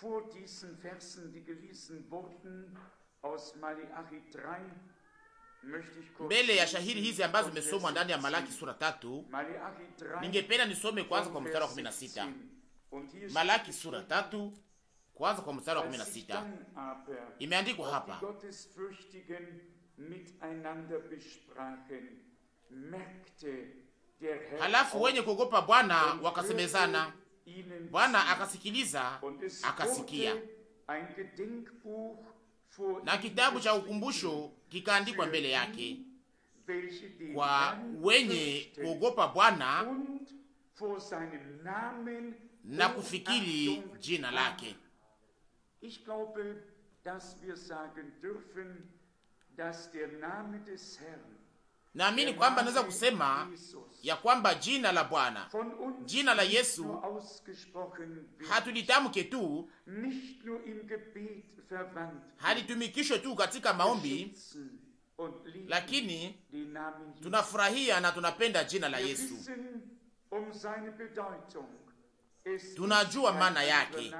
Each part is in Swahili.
vor diesen Versen, die gelesen wurden aus Malachi 3, mbele ya shahiri hizi ambazo zimesomwa ndani ya Malaki sura tatu, ningependa nisome kwanza kwa mstari wa sita. Malaki sura tatu kwanza kwa mstari wa sita imeandikwa hapa Halafu wenye kuogopa Bwana wakasemezana Bwana akasikiliza, akasikia, na kitabu cha ukumbusho kikaandikwa mbele yake kwa wenye kuogopa Bwana na kufikiri jina lake. Ich glaube, dass wir sagen dürfen, dass der Name des Herrn Naamini kwamba naweza kusema ya kwamba jina la Bwana, jina la Yesu hatulitamke tu, halitumikishwe tu katika maombi, lakini tunafurahia na tunapenda jina la Yesu. Tunajua maana yake.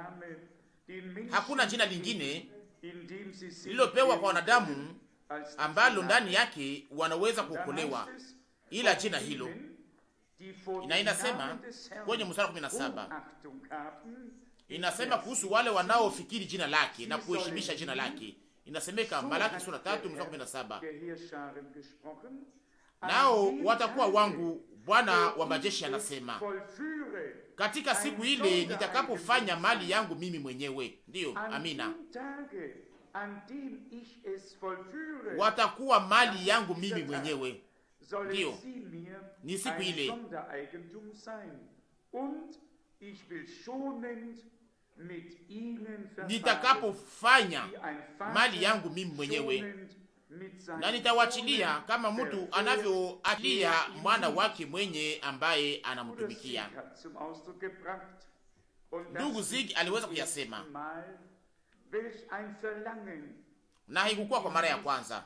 Hakuna jina lingine lililopewa kwa wanadamu ambalo ndani yake wanaweza kuokolewa, ila jina hilo na inasema kwenye mstari 17 inasema kuhusu wale wanaofikiri jina lake na kuheshimisha jina lake. Inasemeka Malaki sura 3 mstari 17, nao watakuwa wangu, Bwana wa majeshi anasema, katika siku ile nitakapofanya mali yangu mimi mwenyewe. Ndiyo, amina watakuwa mali yangu mimi mwenyewe. Ndiyo, ni siku ile nitakapofanya mali yangu mimi mwenyewe, na nitawachilia kama mtu anavyoachilia mwana wake mwenye ambaye anamtumikia. Ndugu Zig aliweza kuyasema na haikukuwa kwa mara ya kwanza.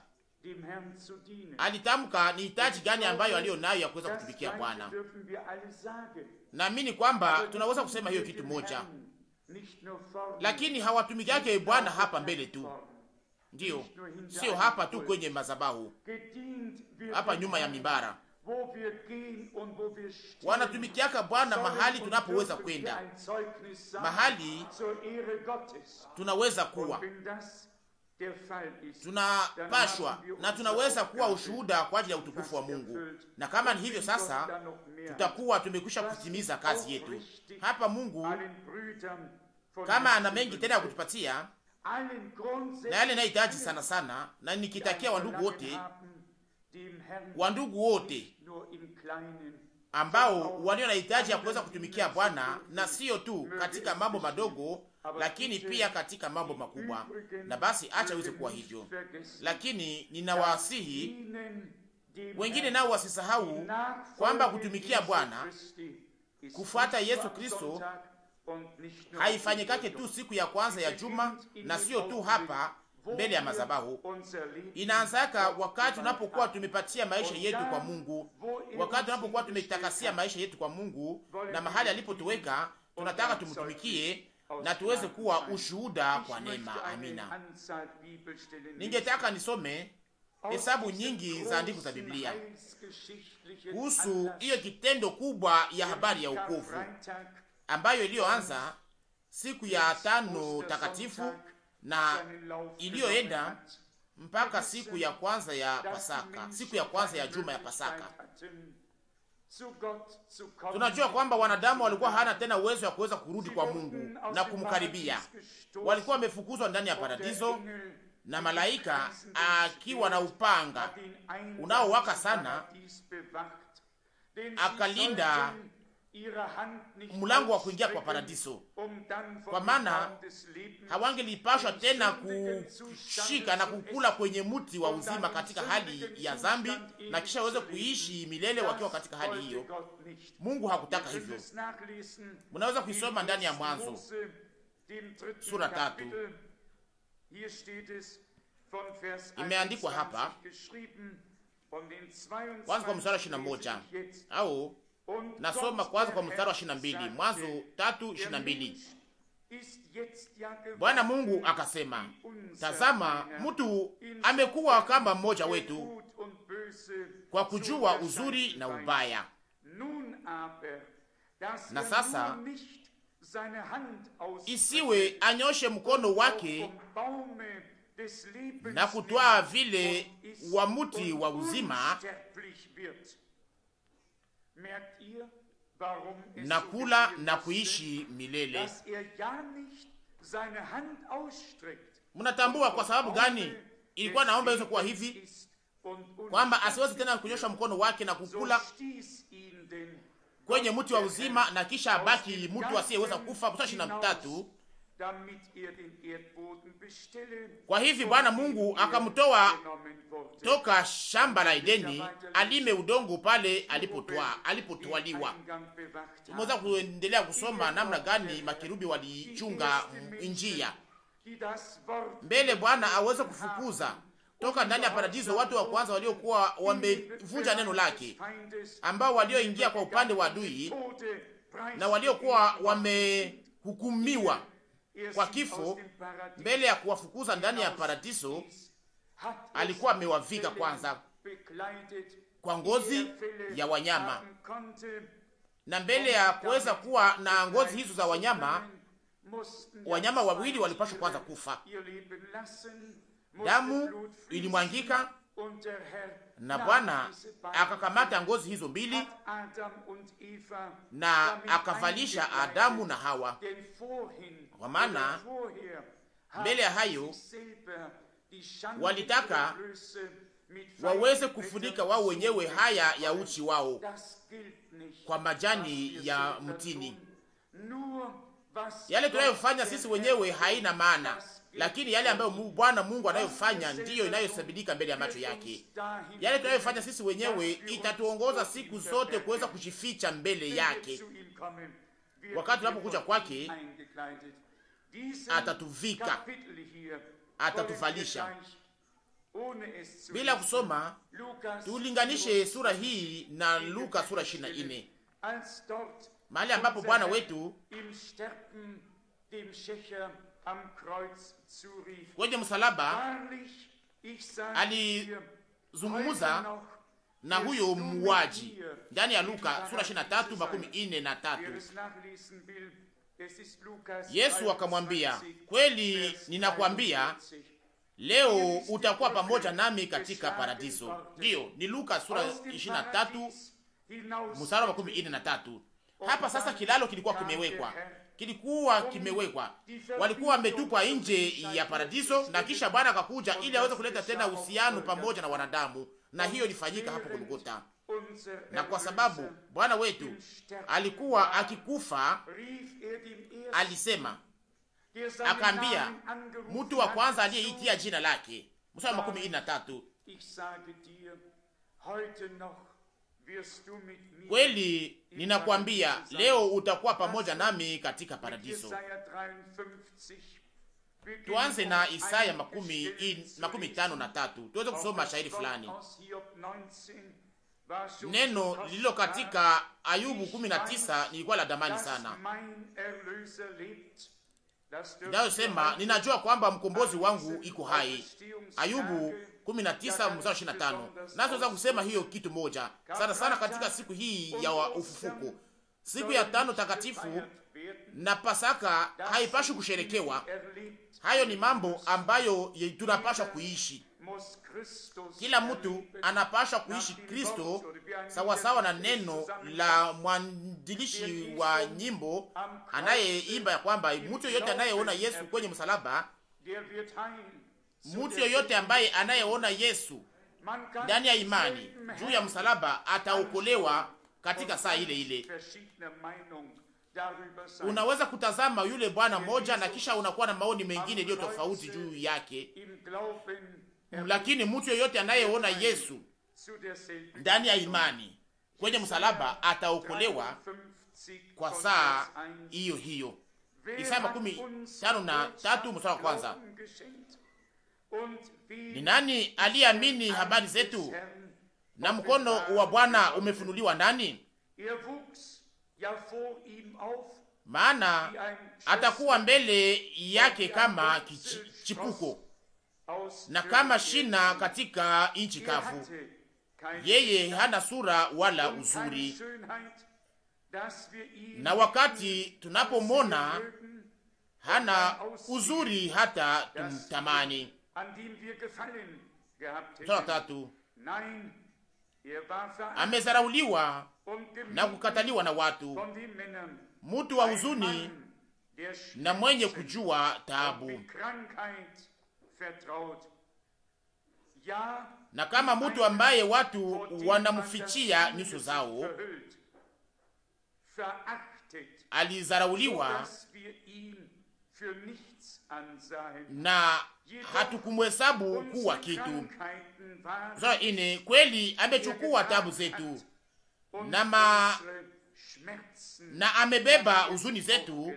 Alitamka ni hitaji gani ambayo aliyo nayo ya kuweza kutumikia Bwana. Naamini kwamba tunaweza kusema hiyo kitu moja, lakini hawatumikiake Bwana hapa mbele tu, ndiyo sio hapa tu kwenye mazabahu, hapa nyuma ya mimbara wanatumikiaka Bwana mahali tunapoweza kwenda, mahali tunaweza kuwa tunapashwa na tunaweza kuwa ushuhuda kwa ajili ya utukufu wa Mungu. Na kama ni hivyo sasa, tutakuwa tumekwisha kutimiza kazi yetu hapa. Mungu kama ana mengi tena ya kutupatia na yale nahitaji sana sana, na nikitakia wandugu wote wandugu wote ambao walio na hitaji ya kuweza kutumikia Bwana na sio tu katika mambo madogo, lakini pia katika mambo makubwa. Na basi acha iweze kuwa hivyo, lakini ninawaasihi wengine nao wasisahau kwamba kutumikia Bwana, kufuata Yesu Kristo haifanyikake tu siku ya kwanza ya juma na sio tu hapa mbele ya mazabahu. Inaanzaka wakati tunapokuwa tumepatia maisha yetu kwa Mungu, wakati tunapokuwa tumetakasia maisha yetu kwa Mungu na mahali alipotuweka, tunataka tumtumikie na tuweze kuwa ushuhuda kwa neema. Amina. Ningetaka nisome hesabu nyingi za andiko za Biblia kuhusu hiyo kitendo kubwa ya habari ya wokovu ambayo iliyoanza siku ya tano takatifu na iliyoenda mpaka siku ya kwanza ya Pasaka, siku ya kwanza ya juma ya Pasaka. Tunajua kwamba wanadamu walikuwa hana tena uwezo wa kuweza kurudi kwa Mungu na kumkaribia. Walikuwa wamefukuzwa ndani ya paradiso na malaika akiwa na upanga unaowaka sana akalinda mlango wa kuingia kwa paradiso, kwa maana hawangelipashwa tena kushika na kukula kwenye mti wa uzima katika hali ya zambi, na kisha waweze kuishi milele wakiwa katika hali hiyo. Mungu hakutaka hivyo. Munaweza kuisoma ndani ya Mwanzo sura tatu, imeandikwa hapa kwanza kwa mstari ishirini na moja au Nasoma kwanza kwa mstari wa 22, Mwanzo 3:22. Bwana Mungu akasema, tazama, mtu amekuwa kama mmoja er wetu kwa kujua uzuri na ubaya. Na er sasa isiwe anyoshe mkono wake na kutwaa vile wa muti wa uzima na kula na kuishi milele. Er Mnatambua kwa sababu gani ilikuwa naomba iweze kuwa hivi, kwamba asiwezi tena kunyosha mkono wake na kukula kwenye mti wa uzima na kisha abaki mtu asiyeweza kufa. Mstari ishirini na tatu kwa hivi Bwana Mungu akamtoa toka shamba la Edeni, alime udongo pale alipotwa alipotwaliwa. Tumeweza kuendelea kusoma namna gani makerubi walichunga njia mbele Bwana aweze kufukuza toka ndani ya paradiso watu wa kwanza waliokuwa wamevunja neno lake, ambao walioingia kwa upande wa adui na waliokuwa wamehukumiwa kwa kifo mbele ya kuwafukuza ndani ya paradiso, alikuwa amewavika kwanza kwa ngozi ya wanyama, na mbele ya kuweza kuwa na ngozi hizo za wanyama, wanyama wawili walipashwa kwanza kufa. Damu ilimwangika na Bwana akakamata ngozi hizo mbili na akavalisha Adamu na Hawa kwa maana mbele ya hayo walitaka waweze kufunika wao wenyewe haya ya uchi wao kwa majani ya mtini. Yale tunayofanya sisi wenyewe haina maana, lakini yale ambayo Bwana Mungu anayofanya ndiyo inayosabidika mbele ya macho yake. Yale tunayofanya sisi wenyewe itatuongoza siku zote kuweza kujificha mbele yake wakati tunapokuja kwake atatuvika, atatuvalisha. Bila kusoma tulinganishe sura hii na Luka sura 24 mahali ambapo Bwana wetu kwenye msalaba alizungumuza na huyo muwaji ndani ya Luka sura 23 makumi ine na tatu. Yesu akamwambia, kweli ninakwambia leo utakuwa pamoja nami katika paradiso. Ndiyo, ni Luka sura 23 mstari wa 43. Hapa sasa kilalo kilikuwa kimewekwa, kilikuwa kimewekwa. Walikuwa wametupwa nje ya paradiso, na kisha Bwana akakuja ili aweze kuleta tena uhusiano pamoja na wanadamu, na hiyo ilifanyika hapo Golgotha na kwa sababu Bwana wetu alikuwa akikufa, er alisema akaambia mtu wa kwanza aliyeitia jina lake. Mstari makumi ine na tatu. Kweli ninakwambia leo utakuwa pamoja nami katika paradiso. Tuanze na Isaya makumi, makumi tano na tatu tuweze kusoma shairi fulani Neno lililo katika Ayubu 19 nilikuwa la damani sana, inayosema ninajua kwamba mkombozi wangu iko hai. Ayubu 19 mstari 25. Naweza kusema hiyo kitu moja sana sana katika siku hii ya ufufuko, siku ya tano takatifu na Pasaka haipashi kusherekewa. Hayo ni mambo ambayo tunapashwa kuishi kila mtu anapashwa kuishi Kristo sawasawa na neno la mwandilishi wa nyimbo anayeimba ya kwamba mtu yoyote anayeona Yesu kwenye msalaba, mtu yoyote ambaye anayeona Yesu ndani ya imani juu ya msalaba ataokolewa katika saa ile ile. Unaweza kutazama yule bwana moja na kisha unakuwa na maoni mengine iliyo tofauti juu yake lakini mtu yeyote anayeona Yesu ndani ya imani kwenye msalaba ataokolewa kwa saa hiyo hiyo. Isaya makumi tano na tatu mstari wa kwanza. Ni nani aliyeamini habari zetu na mkono wa Bwana umefunuliwa nani? Maana atakuwa mbele yake kama kichi, chipuko na kama shina katika nchi kavu. Yeye hana sura wala uzuri, na wakati tunapomona hana uzuri hata tumtamani. Amezarauliwa na kukataliwa na watu, mutu wa huzuni na mwenye kujua taabu na kama mtu ambaye watu wanamfichia nyuso zao alizarauliwa na hatukumhesabu kuwa kitu. So, ine kweli amechukua tabu zetu na, ma, na amebeba huzuni zetu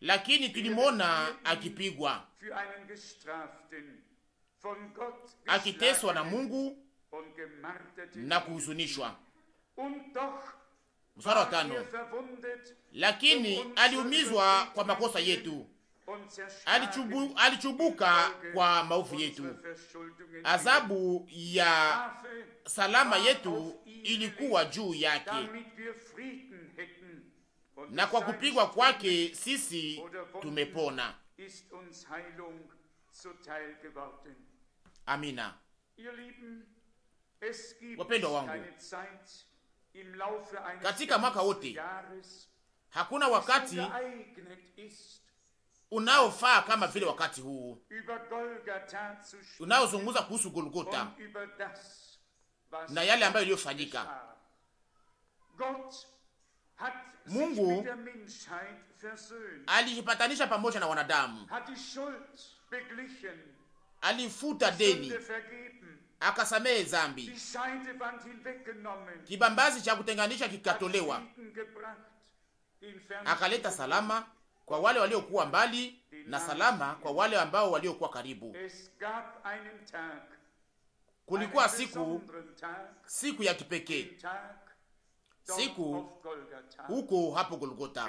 lakini tulimwona akipigwa, akiteswa na Mungu na kuhuzunishwa. Mstari wa tano, lakini aliumizwa kwa makosa yetu, alichubu, alichubuka kwa maovu yetu. Adhabu ya salama yetu ilikuwa juu yake na kwa kupigwa kwake sisi tumepona. Amina. Wapendwa wangu, katika mwaka wote hakuna wakati unaofaa kama vile wakati huu unaozungumza kuhusu Golgota na yale ambayo iliyofanyika. Mungu alijipatanisha pamoja na wanadamu, alifuta deni, akasamehe zambi. Kibambazi cha kutenganisha kikatolewa, akaleta salama kwa wale waliokuwa mbali na salama kwa wale ambao waliokuwa karibu. Kulikuwa siku siku ya kipekee siku huko hapo Golgota.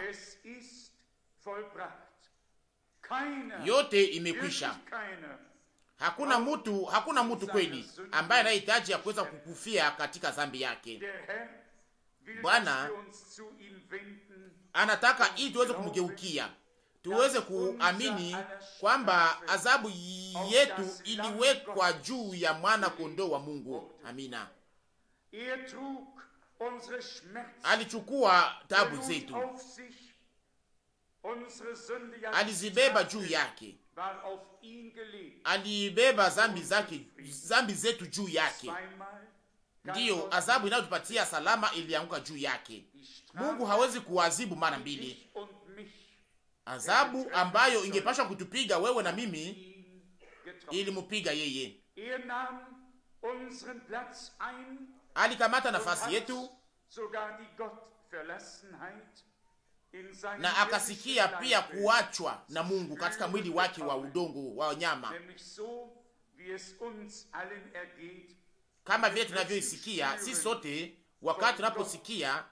Yote imekwisha. Hakuna mutu, hakuna mutu kweli ambaye anahitaji ya kuweza kukufia katika zambi yake. Bwana anataka ili tuweze kumgeukia, tuweze kuamini kwamba adhabu yetu iliwekwa juu ya mwana kondoo wa Mungu. Amina. Er alichukua tabu zetu, alizibeba juu yake, alibeba zambi zake, zambi zetu juu yake. Ndiyo adhabu inayotupatia salama ilianguka juu yake. Mungu hawezi kuadhibu mara mbili. Adhabu er ambayo ingepashwa kutupiga wewe na mimi, ilimupiga yeye. Er alikamata nafasi yetu na akasikia pia kuachwa na Mungu katika mwili wake wa udongo wa nyama, kama vile tunavyoisikia si sote, wakati tunaposikia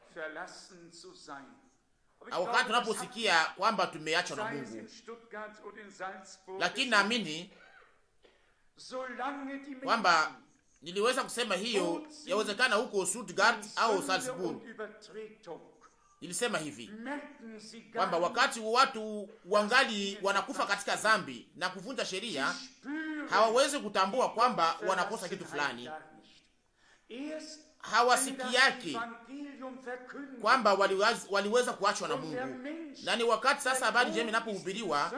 wakati tunaposikia kwamba tumeachwa na Mungu, lakini naamini kwamba Niliweza kusema hiyo, oh, yawezekana huko Stuttgart au Salzburg. Nilisema hivi kwamba wakati watu wangali wanakufa katika zambi na kuvunja sheria, hawawezi kutambua kwamba wanakosa kitu fulani. Hawasiki yake kwamba waliweza, kuachwa na Mungu, na ni wakati sasa habari njema inapohubiriwa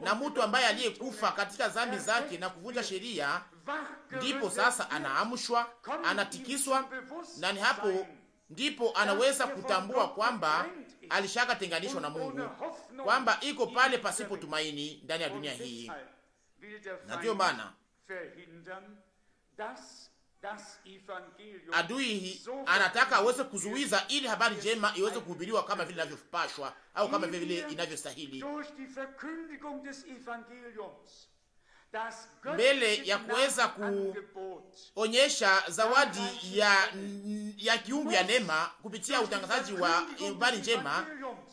na mtu ambaye aliyekufa katika zambi zake na kuvunja sheria ndipo sasa anaamshwa, anatikiswa, na ni hapo ndipo anaweza kutambua kwamba alishaka tenganishwa na Mungu, kwamba iko pale pasipo tumaini ndani ya dunia hii, na ndiyo maana adui anataka aweze kuzuiza ili habari njema iweze kuhubiriwa kama vile inavyopashwa au kama vile inavyostahili mbele ya kuweza kuonyesha zawadi ya, ya kiungu ya neema kupitia utangazaji wa habari njema,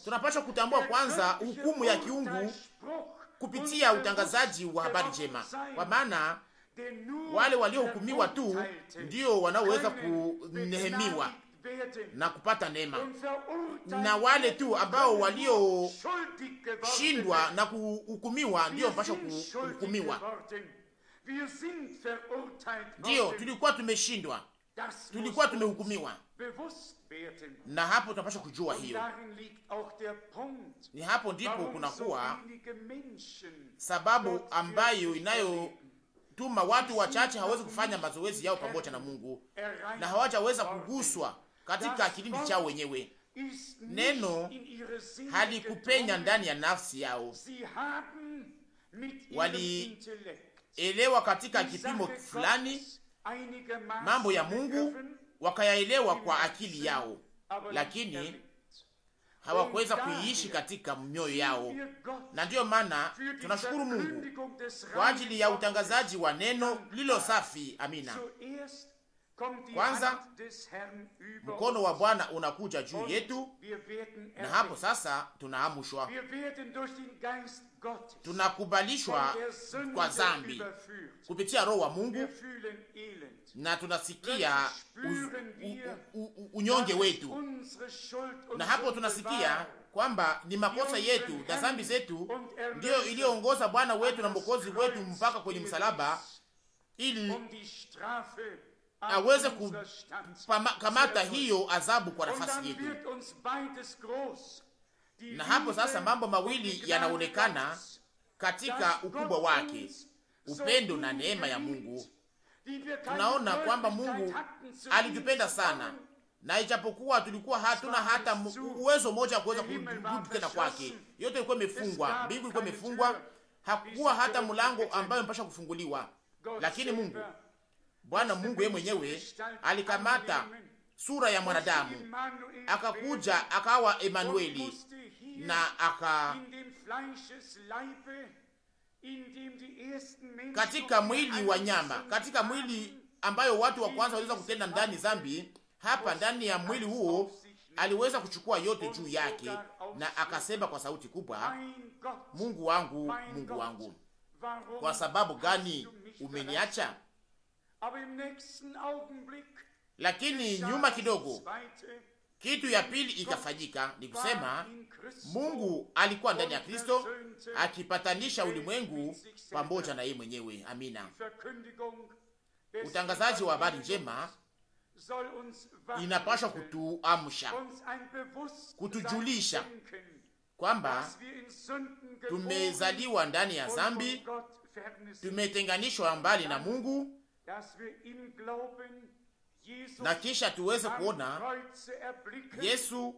tunapaswa kutambua kwanza hukumu ya kiungu kupitia utangazaji wa habari njema, kwa maana wale waliohukumiwa tu ndio wanaoweza kunehemiwa na kupata neema, na wale tu ambao walioshindwa na kuhukumiwa ndio mpasha kuhukumiwa. Ndiyo tulikuwa tumeshindwa, tulikuwa tumehukumiwa, na hapo tunapasha kujua hiyo. Ni hapo ndipo kunakuwa sababu ambayo inayotuma watu wachache hawezi kufanya mazoezi yao pamoja na Mungu na hawajaweza kuguswa katika kilindi chao wenyewe. Neno halikupenya ndani ya nafsi yao, walielewa katika kipimo fulani mambo ya Mungu, wakayaelewa kwa akili yao, lakini hawakuweza oh, kuiishi katika mioyo yao. Na ndiyo maana tunashukuru Mungu kwa ajili ya utangazaji wa neno lilo safi. Amina. Kwanza mkono wa Bwana unakuja juu yetu, na hapo sasa tunaamushwa, tunakubalishwa kwa zambi kupitia Roho wa Mungu, na tunasikia unyonge wetu, na hapo tunasikia kwamba ni makosa yetu na zambi zetu ndiyo iliyoongoza Bwana wetu na Mwokozi wetu mpaka kwenye msalaba ili um aweze kukamata hiyo adhabu kwa nafasi yetu. Na hapo sasa mambo mawili yanaonekana katika ukubwa wake, upendo na neema ya Mungu. Tunaona kwamba Mungu alitupenda sana, na ijapokuwa tulikuwa hatuna hata uwezo moja kuweza kurudi tena kwake, yote ilikuwa imefungwa, mbingu ilikuwa imefungwa, hakuwa hata mlango ambayo mpasha kufunguliwa, lakini Mungu Bwana Mungu yeye mwenyewe alikamata sura ya mwanadamu akakuja akawa Emanueli na aka katika mwili wa nyama, katika mwili ambayo watu wa kwanza waliweza kutenda ndani zambi. Hapa ndani ya mwili huo aliweza kuchukua yote juu yake, na akasema kwa sauti kubwa, Mungu wangu, Mungu wangu, kwa sababu gani umeniacha? Lakini nyuma kidogo, kitu ya pili ikafanyika, ni kusema Mungu alikuwa ndani ya Kristo akipatanisha ulimwengu pamoja na yeye mwenyewe. Amina. Utangazaji wa habari njema inapaswa kutuamsha, kutujulisha kwamba tumezaliwa ndani ya zambi, tumetenganishwa mbali na Mungu na kisha tuweze kuona Yesu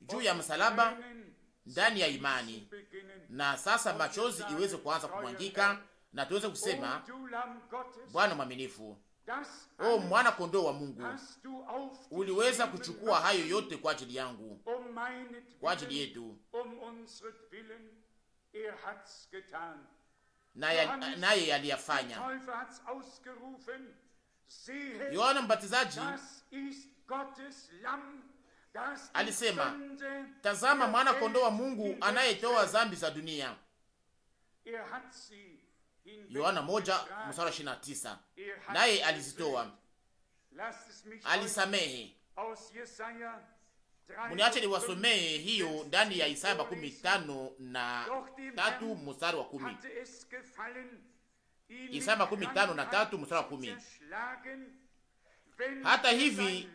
juu ya msalaba ndani ya imani, na sasa machozi iweze kuanza kumwangika na tuweze kusema, Bwana mwaminifu, o mwana kondoo wa Mungu, uliweza kuchukua hayo yote kwa ajili yangu, um kwa ajili yetu. Um naye yaliyafanya. Yohana Mbatizaji alisema, tazama mwana kondoo wa Mungu anayetoa zambi za dunia. Er Yohana moja mstari ishirini na tisa. Er naye alizitoa, alisamehe Mniache niwasomee hiyo ndani ya Isaya makumi tano na tatu mstari wa kumi. Isaya makumi tano na tatu mstari wa kumi. Hata hivi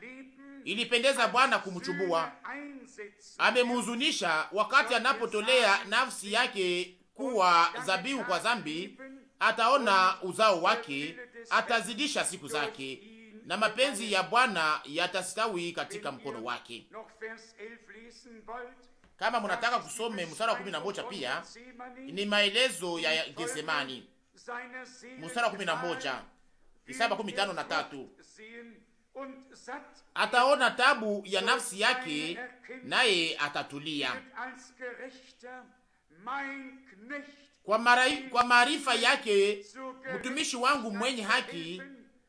ilipendeza Bwana kumchubua, amemhuzunisha wakati anapotolea nafsi yake kuwa dhabihu kwa zambi, Ataona uzao wake, atazidisha siku zake na mapenzi ya Bwana yatastawi katika mkono wake. Kama munataka kusome mstari wa 11 pia ni maelezo ya Getsemani, mstari wa 11 Isaba 15 na tatu ataona tabu ya nafsi yake naye atatulia kwa maarifa yake, mtumishi wangu mwenye haki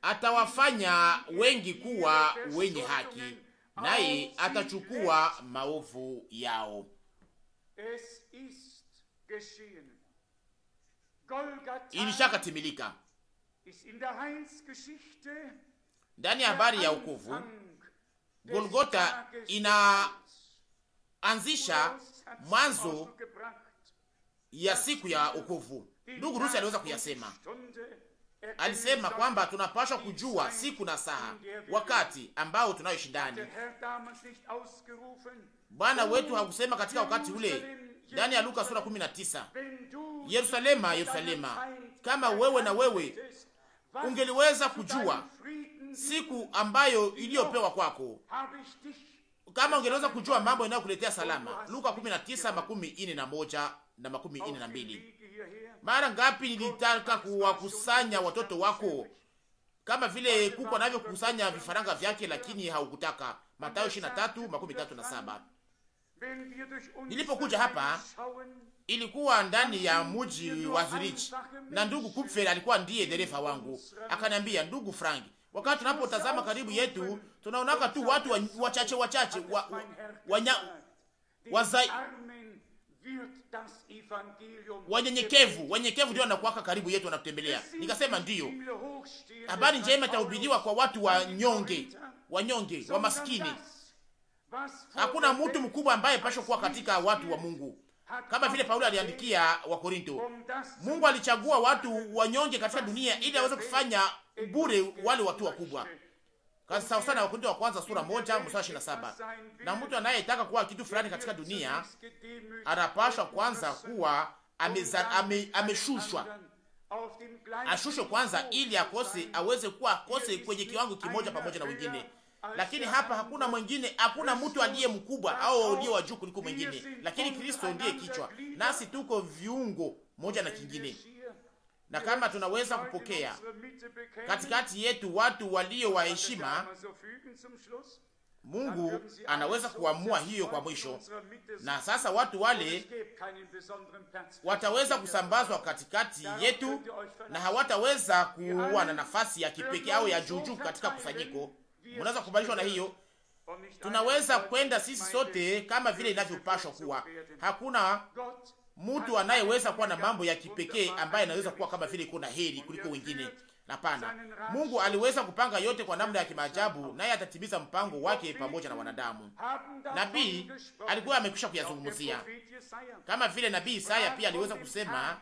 atawafanya wengi kuwa wenye haki, naye atachukua maovu yao. timilika ndani ya habari ya ukovu. Golgota inaanzisha mwanzo ya siku ya ukovu. Ndugu Rusi aliweza kuyasema alisema kwamba tunapashwa kujua siku na saa, wakati ambao tunayoishi ndani. Bwana wetu hakusema katika wakati ule, ndani ya Luka sura 19, Yerusalema, Yerusalema, kama wewe na wewe ungeliweza kujua siku ambayo iliyopewa kwako, kama ungeliweza kujua mambo yanayokuletea salama. Luka 19 makumi ine na moja na makumi ine na mbili. Mara ngapi nilitaka kuwakusanya watoto wako kama vile kuku anavyokusanya vifaranga vyake, lakini haukutaka. Mathayo 23 na Nilipokuja hapa ilikuwa ndani ya muji wa Zurich, na ndugu Kupfer alikuwa ndiye dereva wangu. Akaniambia, ndugu Frank, wakati tunapotazama karibu yetu tunaonaka tu watu wachache wachache wa, wa, wa, wa, wa, wa, wa, wa, Wanyenyekevu, wanyenyekevu ndio wanakuwaka karibu yetu, wanakutembelea Nikasema ndiyo, habari njema itahubiriwa kwa watu wanyonge, wanyonge, wa maskini. Hakuna mtu mkubwa ambaye pasho kuwa katika watu wa Mungu, kama vile Paulo aliandikia wa Korinto. Mungu alichagua watu wanyonge katika dunia ili aweze kufanya bure wale watu wakubwa. Kazi sawa sana Wakorintho wa kwanza sura moja mstari wa saba. Na mtu anayetaka kuwa kitu fulani katika dunia anapashwa kwanza kuwa ameshushwa ame, ame ashushwe kwanza, ili akose aweze kuwa akose kwenye kiwango kimoja pamoja na wengine. Lakini hapa hakuna mwingine, hakuna mtu aliye mkubwa au aliye wa juu kuliko mwingine, lakini Kristo ndiye kichwa, nasi tuko viungo moja na kingine na kama tunaweza kupokea katikati yetu watu walio wa heshima, Mungu anaweza kuamua hiyo kwa mwisho. Na sasa watu wale wataweza kusambazwa katikati yetu na hawataweza kuwa na nafasi ya kipekee au ya juujuu katika kusanyiko. Mnaweza kukubalishwa na hiyo? Tunaweza kwenda sisi sote kama vile inavyopashwa kuwa, hakuna mtu anayeweza kuwa na mambo ya kipekee ambaye anaweza kuwa kama vile kuna heri kuliko wengine. Hapana, Mungu aliweza kupanga yote kwa namna ya kimaajabu, naye atatimiza mpango wake pamoja na wanadamu. Nabii alikuwa amekwisha kuyazungumzia, kama vile nabii Isaya pia aliweza kusema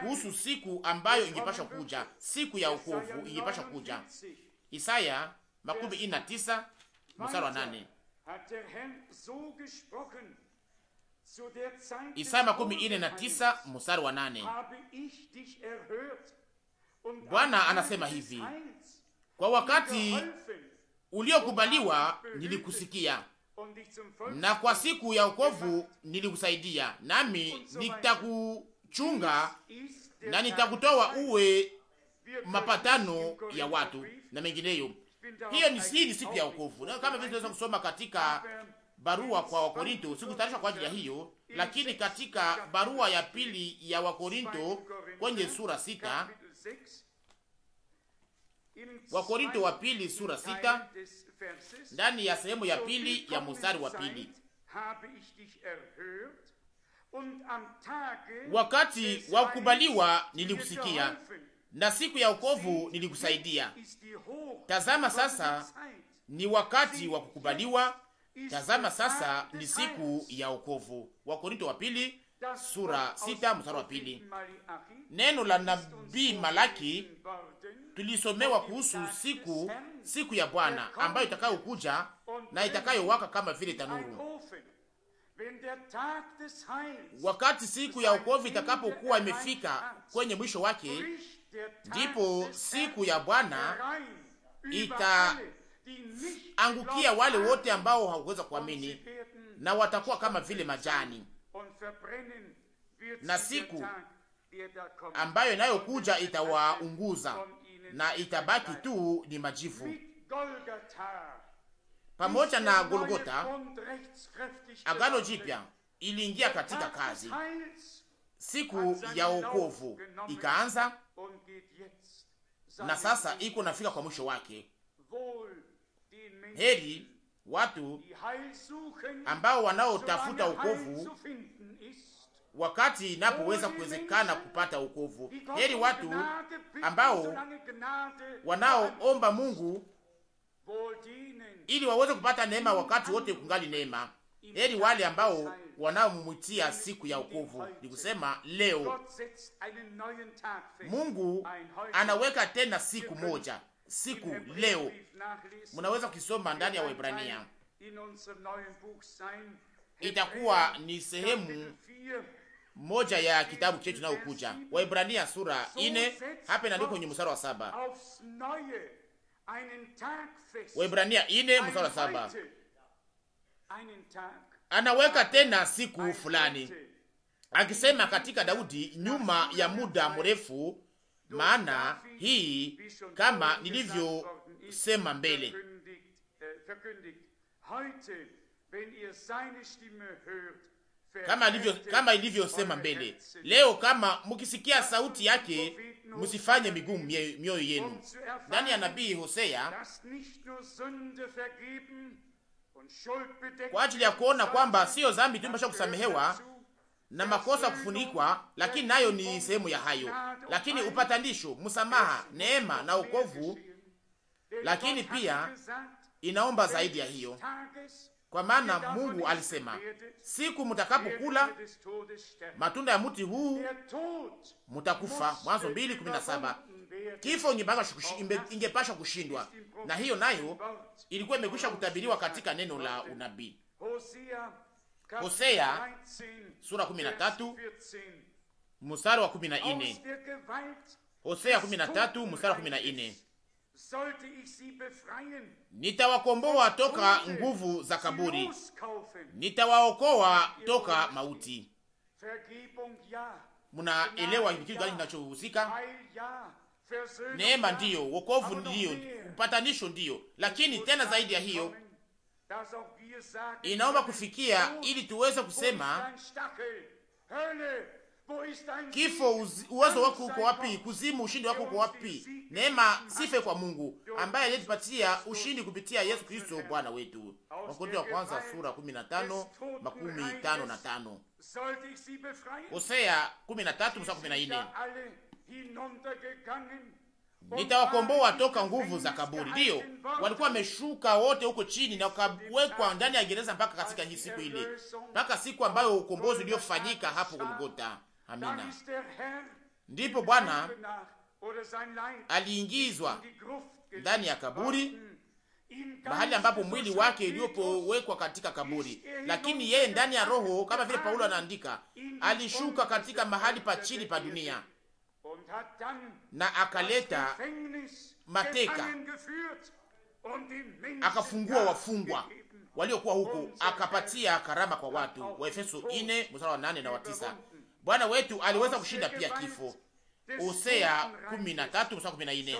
kuhusu siku ambayo ingepasha kuja, siku ya ukovu ingepasha kuja. Isaya makumi ine na tisa mstari wa nane. Isaya makumi ine na tisa mstari wa nane. Bwana anasema hivi: kwa wakati uliokubaliwa um nilikusikia, na kwa siku ya wokovu nilikusaidia, nami nitakuchunga na nitakutoa uwe mapatano ya watu na mengineyo. Hiyo ni hii ni siku ya wokovu, kama vile tunaweza kusoma katika barua kwa Wakorinto, sikutayarishwa kwa ajili ya hiyo, lakini katika barua ya pili ya Wakorinto kwenye sura sita, Wakorinto wa pili sura sita, ndani ya sehemu ya pili ya mstari wa pili wakati wa kukubaliwa nilikusikia, na siku ya wokovu nilikusaidia. Tazama sasa, ni wakati wa kukubaliwa Tazama sasa ni siku ya wokovu. Wakorinto wa pili sura sita mstari wa pili. Neno la nabii Malaki tulisomewa kuhusu siku siku ya Bwana ambayo itakayokuja na itakayowaka kama vile tanuru. Wakati siku ya wokovu itakapokuwa imefika kwenye mwisho wake, ndipo siku ya Bwana ita angukia wale wote ambao hawakuweza kuamini, na watakuwa kama vile majani, na siku ambayo inayokuja itawaunguza na itabaki tu ni majivu. Pamoja na Golgota, Agano Jipya iliingia katika kazi, siku ya wokovu ikaanza, na sasa iko nafika kwa mwisho wake heri watu ambao wanaotafuta ukovu wakati inapoweza kuwezekana kupata ukovu Heri watu ambao wanaoomba Mungu ili waweze kupata neema wakati wote kungali neema. Heri wale ambao wanaomwitia siku ya ukovu ni kusema leo Mungu anaweka tena siku moja siku leo. Mnaweza kusoma ndani ya Waebrania, itakuwa ni sehemu moja ya kitabu chetu naokuja, Waebrania sura ine, hapa inaandikwa kwenye mstari wa saba. Waebrania ine mstari wa saba anaweka tena siku fulani, akisema katika Daudi nyuma ya muda mrefu maana hii kama nilivyosema mbele kama ilivyo kama ilivyosema mbele leo, kama mkisikia sauti yake msifanye migumu mioyo yenu. Ndani ya nabii Hosea, kwa ajili ya kuona kwamba siyo dhambi tu imesha kusamehewa, na makosa kufunikwa, lakini nayo ni sehemu ya hayo. Lakini upatanisho, msamaha, neema na wokovu, lakini pia inaomba zaidi ya hiyo, kwa maana Mungu alisema, siku mtakapokula matunda ya mti huu mtakufa. Mwanzo 2:17. Kifo ingepashwa kushindwa, na hiyo nayo ilikuwa imekwisha kutabiriwa katika neno la unabii. Hosea sura 13 mstari wa 14. Hosea 13 mstari wa 14, nitawakomboa toka nguvu za kaburi, nitawaokoa toka mauti. Munaelewa kitu gani kinachohusika? Neema ndiyo, wokovu ndiyo, upatanisho ndiyo, lakini tena zaidi ya hiyo inaomba kufikia ili tuweze kusema kifo, uwezo wako uko wapi? Kuzimu, ushindi wako uko wapi? Neema, sife kwa Mungu ambaye aliyetupatia ushindi kupitia Yesu Kristo Bwana wetu. Wakorintho wa kwanza sura 15 makumi tano na tano. Hosea 13 mstari 14 nitawakomboa toka nguvu za kaburi. Ndiyo, walikuwa wameshuka wote huko chini na wakawekwa ndani ya gereza mpaka katika hii siku ile, mpaka siku ambayo ukombozi uliofanyika hapo Golgotha. Amina. Ndipo Bwana aliingizwa ndani ya kaburi, mahali ambapo mwili wake uliopowekwa katika kaburi, lakini yeye ndani ya roho, kama vile Paulo anaandika, alishuka katika mahali pa chini pa dunia na akaleta mateka, akafungua wafungwa waliokuwa huko, akapatia karama kwa watu. Waefeso 4 mstari wa 8 na wa 9. Bwana wetu aliweza kushinda pia kifo. Hosea 13 mstari wa 14,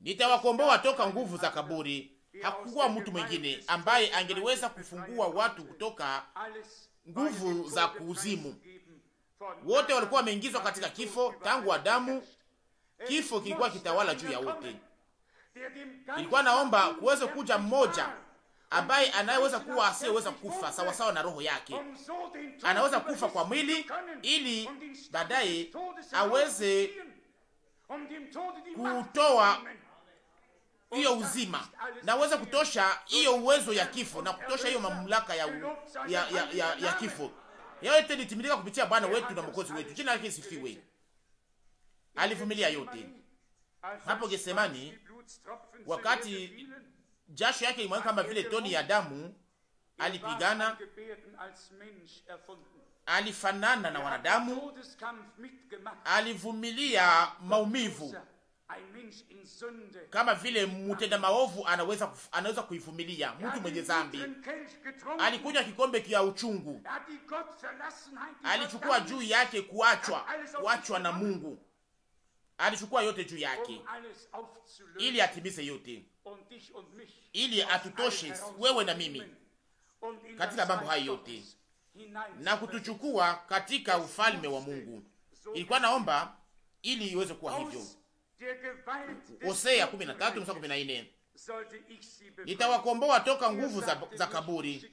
nitawakomboa toka nguvu za kaburi. Hakukuwa mtu mwingine ambaye angeliweza kufungua watu kutoka nguvu za kuuzimu wote walikuwa wameingizwa katika kifo tangu Adamu. Kifo kilikuwa kitawala juu ya wote. Ilikuwa naomba kuweze kuja mmoja ambaye anayeweza kuwa asiyeweza kufa sawasawa na roho yake, anaweza kufa kwa mwili ili baadaye aweze kutoa hiyo uzima na aweze kutosha hiyo uwezo ya kifo na kutosha hiyo mamlaka ya, ya, ya, ya, ya kifo yote litimilika kupitia Bwana wetu na Mwokozi wetu, jina lake sifiwe. Alivumilia yote hapo gesemani wakati jasho yake imwanga kama vile toni ya damu, alipigana alifanana na wanadamu, alivumilia maumivu kama vile mutenda maovu anaweza anaweza kuivumilia. Mtu mwenye zambi alikunywa kikombe kia uchungu, alichukua juu yake kuachwa kuachwa na Mungu, alichukua yote juu yake ili atimize yote, ili atutoshe wewe na mimi katika mambo hayo yote na kutuchukua katika ufalme wa Mungu. Ilikuwa naomba ili iweze kuwa hivyo Hosea 13 mstari 14, nitawakomboa toka nguvu za, za kaburi.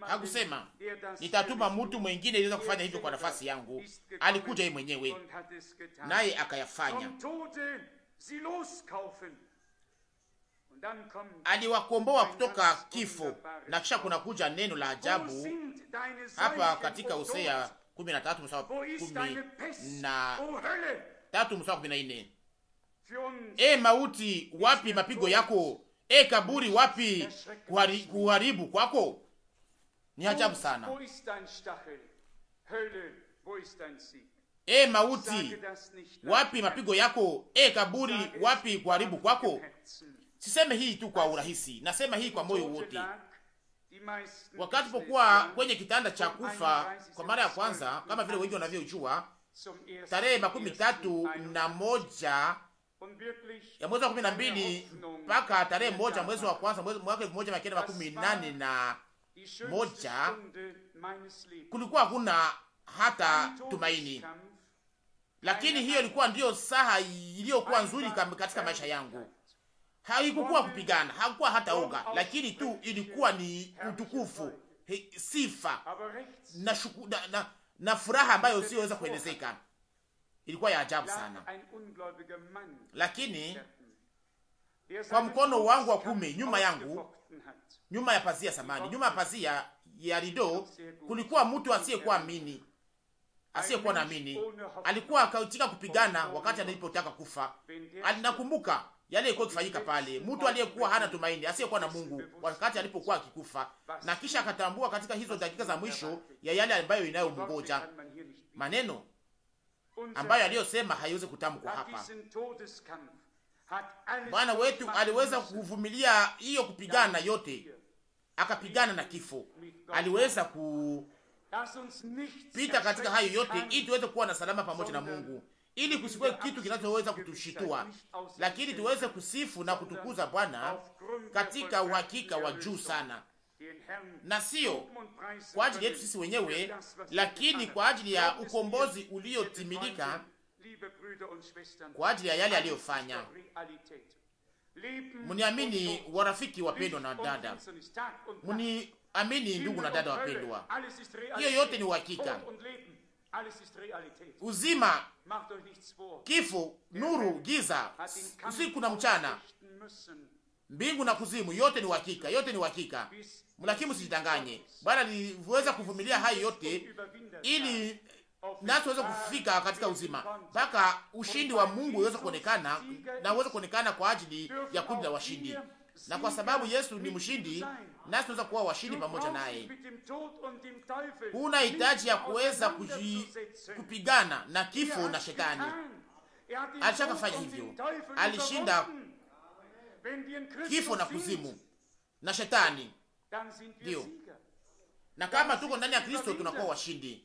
Hakusema nitatuma mtu mwengine iliweza kufanya hivyo kwa nafasi yangu, alikuja yeye mwenyewe naye akayafanya. Aliwakomboa kutoka kifo, na kisha kuna kuja neno la ajabu hapa katika Hosea 13 mstari 13 mstari 14 E mauti, wapi mapigo yako? E kaburi, wapi kuharibu kwako? Ni ajabu sana. E mauti, wapi mapigo yako? E kaburi, wapi kuharibu kwako? Siseme hii tu kwa urahisi, nasema hii kwa moyo wote. Wakati pokuwa kwenye kitanda cha kufa kwa mara ya kwanza, kama vile wengi wanavyojua, tarehe makumi tatu na moja ya mwezi wa kumi na mbili mpaka tarehe moja mwezi wa kwanza mwaka elfu moja mia kenda makumi nane na moja kulikuwa hakuna hata tumaini, lakini hiyo ilikuwa ndiyo saha iliyokuwa nzuri katika maisha yangu. Haikukuwa kupigana, hakukuwa hata uga, lakini tu ilikuwa ni utukufu, sifa na, na, na, na furaha ambayo siyoweza kuelezeka ilikuwa ya ajabu sana, lakini kwa mkono wangu wa kume, nyuma yangu, nyuma ya pazia, samani, nyuma ya pazia ya rido, kulikuwa mtu asiyekuwa amini, asiyekuwa na amini. alikuwa akatika kupigana wakati alipotaka kufa. Alinakumbuka yale yalikuwa kifanyika pale, mtu aliyekuwa hana tumaini, asiyekuwa na Mungu wakati alipokuwa akikufa, na kisha akatambua katika hizo dakika za mwisho ya yale ambayo inayomngoja maneno ambayo aliyosema haiwezi kutamkwa hapa. Bwana wetu aliweza kuvumilia hiyo kupigana yote, akapigana na kifo, aliweza kupita katika hayo yote, ili tuweze kuwa na salama pamoja na Mungu, ili kusikuwe kitu kinachoweza kutushitua, lakini tuweze kusifu na kutukuza Bwana katika uhakika wa juu sana na sio kwa ajili yetu sisi wenyewe, lakini kwa ajili ya ukombozi uliotimilika kwa ajili ya yale aliyofanya. Mniamini warafiki wapendwa na dada, mniamini ndugu na dada wapendwa, hiyo yote ni uhakika. Uzima, kifo, nuru, giza, usiku na mchana Mbingu na kuzimu yote ni uhakika, yote ni uhakika. Lakini msijidanganye. Bwana aliweza kuvumilia hayo yote ili na tuweze kufika katika uzima mpaka ushindi wa Mungu uweze kuonekana na uweze kuonekana kwa ajili ya kundi la washindi. Na kwa sababu Yesu ni mshindi, nasi tunaweza kuwa washindi pamoja naye. Huna hitaji ya kuweza kupigana na kifo na shetani. Alishakafanya hivyo, alishinda kifo na kuzimu na shetani, ndio. Na kama tuko ndani ya Kristo tunakuwa washindi.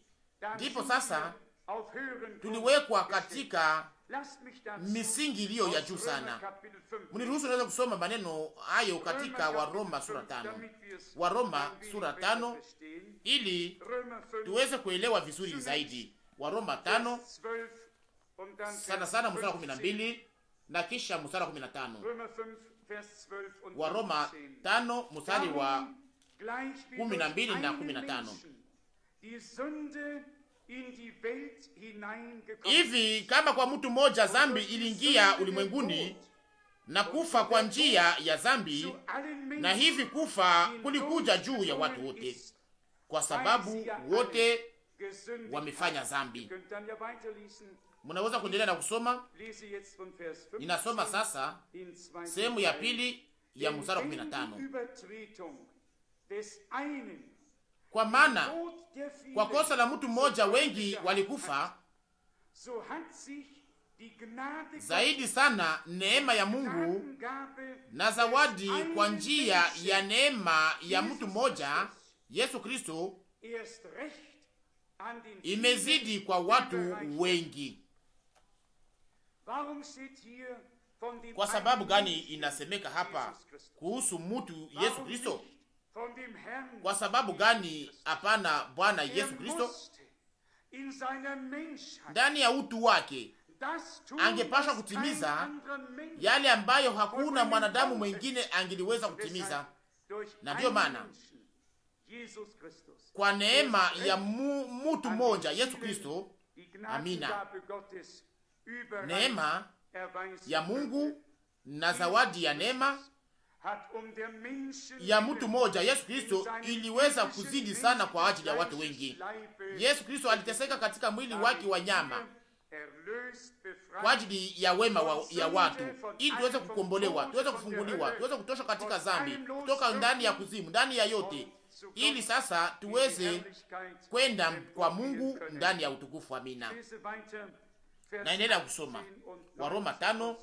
Ndipo sasa tuliwekwa katika misingi iliyo ya juu sana. Mniruhusu naweza kusoma maneno hayo katika Waroma sura tano, Waroma sura tano, ili tuweze kuelewa vizuri zaidi. Waroma tano sana sana mstari wa kumi na mbili na kisha mstari wa kumi na tano wa Roma tano mstari wa kumi na mbili na kumi na tano hivi kama kwa mtu mmoja zambi iliingia ulimwenguni na kufa kwa njia ya zambi, na hivi kufa kulikuja juu ya watu wote, kwa sababu wote wamefanya zambi. Munaweza kuendelea na kusoma. Ninasoma sasa sehemu ya pili ya mstari wa 15. Kwa maana kwa kosa la mtu mmoja wengi walikufa, zaidi sana neema ya Mungu na zawadi kwa njia ya neema ya mtu mmoja Yesu Kristo imezidi kwa watu wengi. Kwa sababu gani inasemeka hapa kuhusu mtu Yesu Kristo? Kwa sababu gani? Hapana, Bwana Yesu Kristo ndani ya utu wake angepasha kutimiza yale ambayo hakuna mwanadamu mwengine angeliweza kutimiza, na ndiyo maana kwa neema ya mu, mutu mmoja Yesu Kristo, amina neema ya Mungu na zawadi ya neema um ya mtu mmoja Yesu Kristo iliweza kuzidi sana kwa ajili ya watu wengi. Yesu Kristo aliteseka katika mwili wake wa nyama kwa ajili ya wema wa, ya watu ili tuweze kukombolewa, tuweze kufunguliwa, tuweze kutoshwa katika zambi, kutoka ndani ya kuzimu, ndani ya yote, ili sasa tuweze kwenda kwa Mungu ndani ya utukufu. Amina na inaenda kusoma wa Roma tano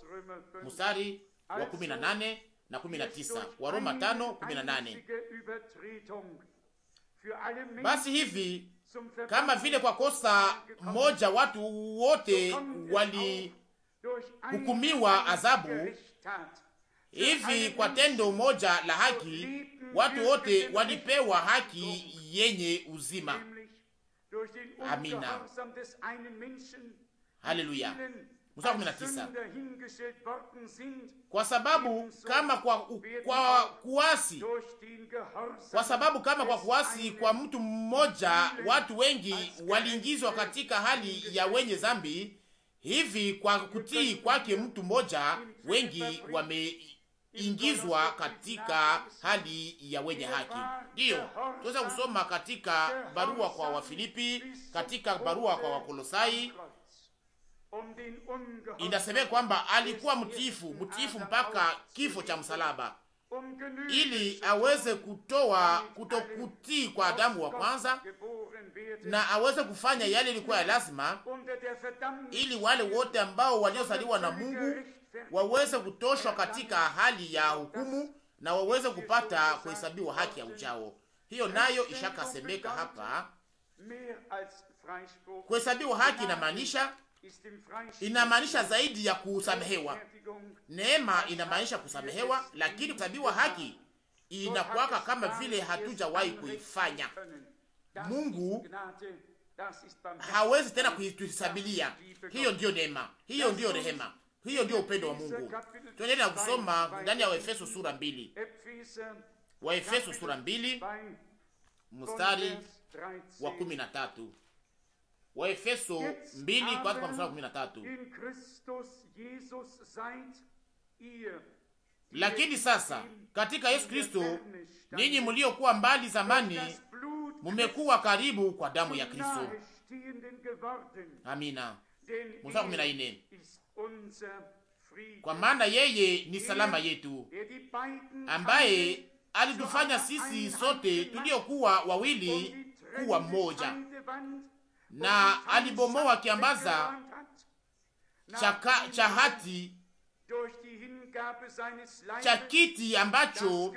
mstari wa kumi na nane na kumi na tisa Waroma tano kumi na nane Basi hivi kama vile kwa kosa moja watu wote walihukumiwa adhabu, hivi kwa tendo moja la haki watu wote walipewa haki yenye uzima. Amina. Haleluya. Mstari kumi na tisa. Kwa sababu kama kwa, kwa kuasi kwa sababu kama kwa kuasi kwa mtu mmoja watu wengi waliingizwa katika hali ya wenye zambi, hivi kwa kutii kwake mtu mmoja wengi wameingizwa katika hali ya wenye haki. Ndiyo tuweza kusoma katika barua kwa Wafilipi, katika barua kwa Wakolosai Inasemeka kwamba alikuwa mtiifu, mtiifu mpaka kifo cha msalaba, ili aweze kutoa kutokutii kwa Adamu wa kwanza na aweze kufanya yale ilikuwa ya lazima, ili wale wote ambao waliozaliwa na Mungu waweze kutoshwa katika hali ya hukumu na waweze kupata kuhesabiwa haki ya ujao. Hiyo nayo ishakasemeka hapa. Kuhesabiwa haki inamaanisha inamaanisha zaidi ya kusamehewa. Neema inamaanisha kusamehewa, lakini kusabiwa haki inakuwaka kama vile hatujawahi kuifanya. Mungu hawezi tena kuitusabilia. Hiyo ndiyo neema, hiyo ndiyo rehema, hiyo ndiyo upendo wa Mungu. Tuendelee na kusoma ndani ya Waefeso sura mbili, Waefeso sura mbili mstari wa kumi na tatu. Waefeso 2 kuanza kwa mstari wa 13. Lakini sasa katika Yesu Kristo ninyi mliokuwa mbali zamani mumekuwa karibu kwa damu ya Kristo. Amina. Mstari wa 14. Kwa maana yeye ni er, salama yetu, ambaye alitufanya sisi sote tuliokuwa wawili kuwa mmoja na alibomoa kiambaza cha, cha hati cha kiti ambacho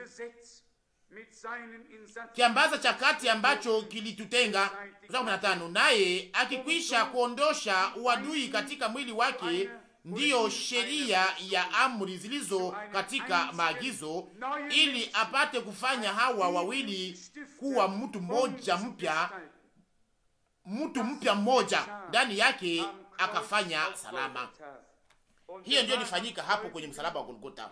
kiambaza cha kati ambacho kilitutenga. Naye akikwisha kuondosha uadui katika mwili wake, ndiyo sheria ya amri zilizo katika maagizo, ili apate kufanya hawa wawili kuwa mtu mmoja mpya mtu mpya mmoja ndani yake akafanya salama. Hiyo ndio ilifanyika hapo kwenye msalaba wa Golgotha.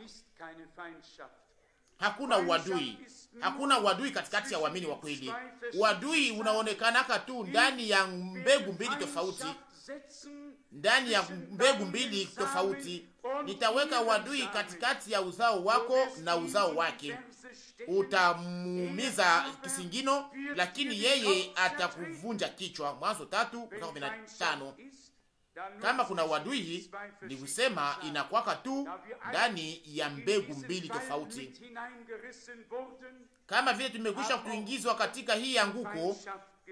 Hakuna uadui, hakuna uadui katikati ya waamini wa kweli. Uadui unaonekanaka tu ndani ya mbegu mbili tofauti, ndani ya mbegu mbili tofauti. Nitaweka uadui katikati ya uzao wako na uzao wake utamuumiza kisingino, lakini yeye atakuvunja kichwa. Mwanzo tatu kumi na tano. Kama kuna uadui ni kusema inakwaka tu ndani ya mbegu mbili tofauti. Kama vile tumekwisha kuingizwa katika hii anguko,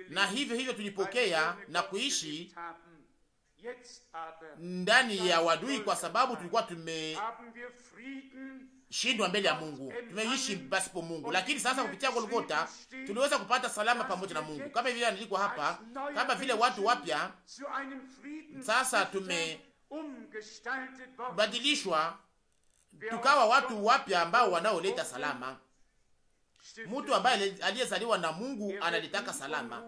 na hivyo hivyo tulipokea na kuishi ndani ya wadui kwa sababu tulikuwa tume shindwa mbele ya Mungu, tumeishi pasipo Mungu, lakini sasa kupitia Golgota tuliweza kupata salama pamoja na Mungu. Kama vile nilikuwa hapa, kama vile watu wapya, sasa tumebadilishwa tukawa watu wapya ambao wanaoleta salama. Mtu ambaye aliyezaliwa na Mungu analitaka salama,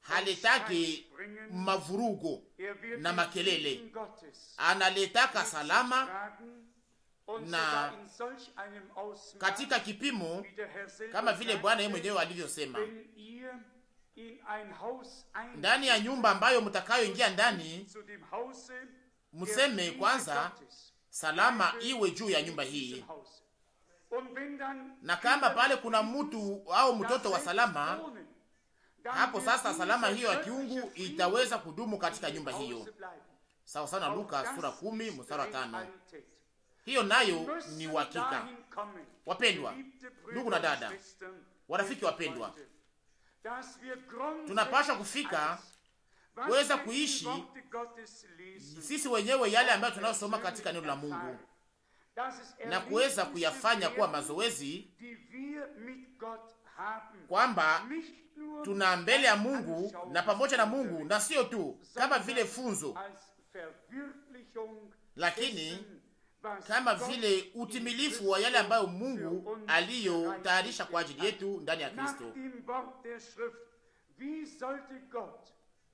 halitaki mavurugo na makelele, analetaka salama na katika kipimo, kama vile Bwana yeye mwenyewe alivyosema, ndani ya nyumba ambayo mtakayoingia ndani, mseme kwanza, salama iwe juu ya nyumba hii. Na kama pale kuna mtu au mtoto wa salama hapo sasa, salama hiyo ya kiungu itaweza kudumu katika nyumba hiyo, sawa sana. Luka sura kumi mstari wa tano. Hiyo nayo ni uhakika. Wapendwa ndugu na dada, warafiki wapendwa, tunapasha kufika kuweza kuishi sisi wenyewe yale ambayo tunayosoma katika neno la Mungu na kuweza kuyafanya kuwa mazoezi, kwamba tuna mbele ya Mungu na pamoja na Mungu, na sio tu kama vile funzo, lakini kama vile utimilifu wa yale ambayo Mungu aliyotayarisha kwa ajili yetu ndani ya Kristo,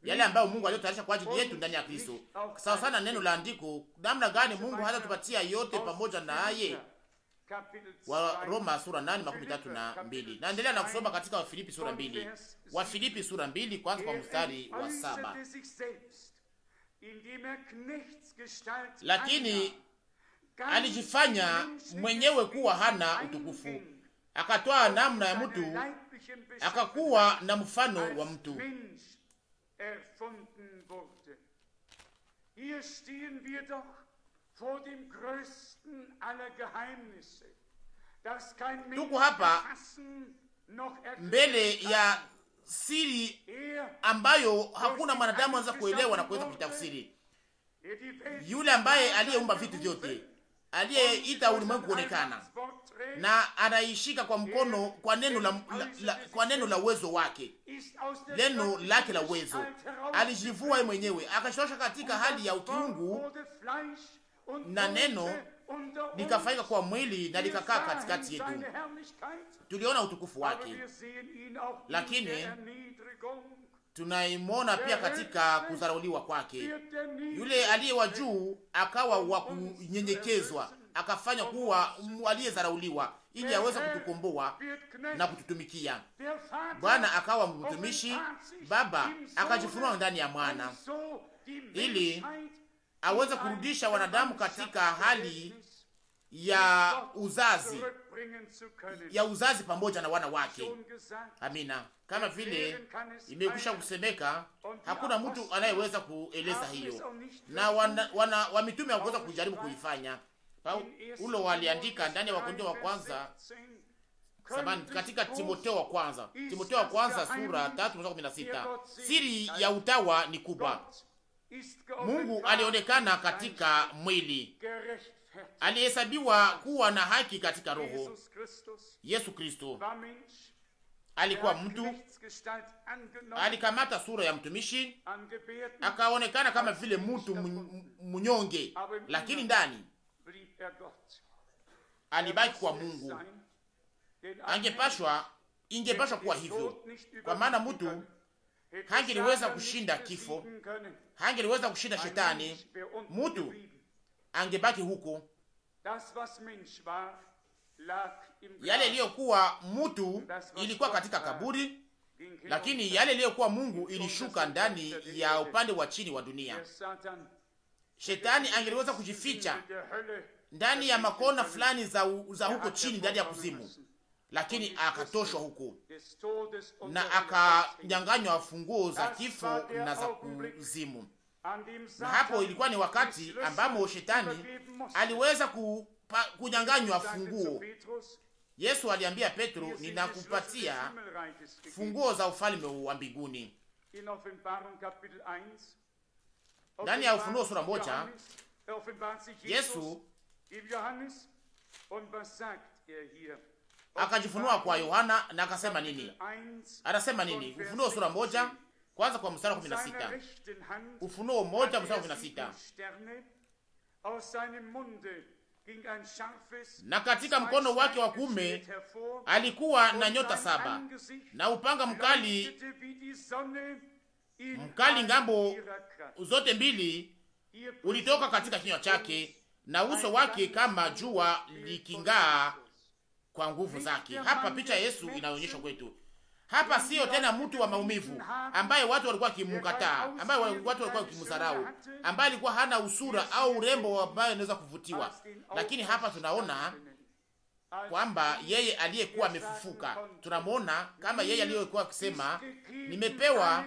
yale ambayo Mungu aliyotayarisha kwa ajili yetu ndani ya Kristo. Sawa sana neno la andiko, namna gani Mungu hata tupatia yote pamoja naye. Wa Roma sura nane makumi tatu na mbili. Naendelea na kusoma katika Wafilipi sura mbili. Wafilipi sura mbili kwanza kwa mstari wa saba. Lakini alijifanya mwenyewe kuwa hana utukufu, akatoa namna ya mtu, akakuwa na mfano wa mtu. Tuko hapa mbele ya siri er ambayo hakuna mwanadamu anaweza kuelewa na kuweza kutafsiri, er yule ambaye aliyeumba vitu vyote aliyeita ulimwengu kuonekana na anaishika kwa mkono kwa neno la, la, la, kwa neno la uwezo wake, neno lake la uwezo alijivua yeye mwenyewe akashosha katika hali ya ukiungu, na neno likafanyika kwa mwili na likakaa katikati yetu. Tuliona utukufu wake, lakini tunaimwona pia katika kuzarauliwa kwake. Yule aliye wa juu akawa wa kunyenyekezwa, akafanya kuwa aliyezarauliwa ili aweze kutukomboa na kututumikia. Bwana akawa mtumishi, Baba akajifunua ndani ya mwana, ili aweze kurudisha wanadamu katika hali ya uzazi ya uzazi pamoja na wana wake. Amina. Kama vile imekwisha kusemeka, hakuna mtu anayeweza kueleza hiyo, na wana, wana wa mitume hakuweza kujaribu kuifanya. ulo waliandika ndani ya Wakorintho wa kwanza Sabani, katika Timoteo wa kwanza, Timoteo wa kwanza sura 3:16, siri ya utawa ni kubwa. Mungu alionekana katika mwili, alihesabiwa kuwa na haki katika roho. Yesu Kristo alikuwa mtu, alikamata sura ya mtumishi, akaonekana kama vile mtu mnyonge, lakini ndani alibaki kwa Mungu. Angepashwa, ingepashwa kuwa hivyo, kwa maana mtu hangeliweza kushinda kifo, hangeliweza kushinda shetani, mtu angebaki huko yale iliyokuwa mtu ilikuwa katika kaburi, lakini yale iliyokuwa Mungu ilishuka ndani ya upande wa chini wa dunia. Shetani angeliweza kujificha ndani ya makona fulani za, za huko chini ndani ya kuzimu, lakini akatoshwa huko na akanyang'anywa funguo za kifo na za kuzimu, na hapo ilikuwa ni wakati ambamo shetani aliweza ku kunyang'anywa funguo. Yesu aliambia Petro, ninakupatia funguo za ufalme wa mbinguni. Ndani ya Ufunuo sura moja Yesu akajifunua kwa Yohana na akasema nini? Anasema nini? Ufunuo sura moja kwanza kwa mstari wa 16. Ufunuo moja mstari wa 16 na katika mkono wake wa kuume alikuwa na nyota saba, na upanga mkali mkali ngambo zote mbili ulitoka katika kinywa chake, na uso wake kama jua likingaa kwa nguvu zake. Hapa picha ya Yesu inaonyeshwa kwetu, hapa sio tena mtu wa maumivu ambaye watu walikuwa kimkataa, ambaye watu walikuwa kimsarau, ambaye alikuwa hana usura au urembo ambaye anaweza kuvutiwa, lakini hapa tunaona kwamba yeye aliyekuwa amefufuka, tunamwona kama yeye aliyekuwa akisema, nimepewa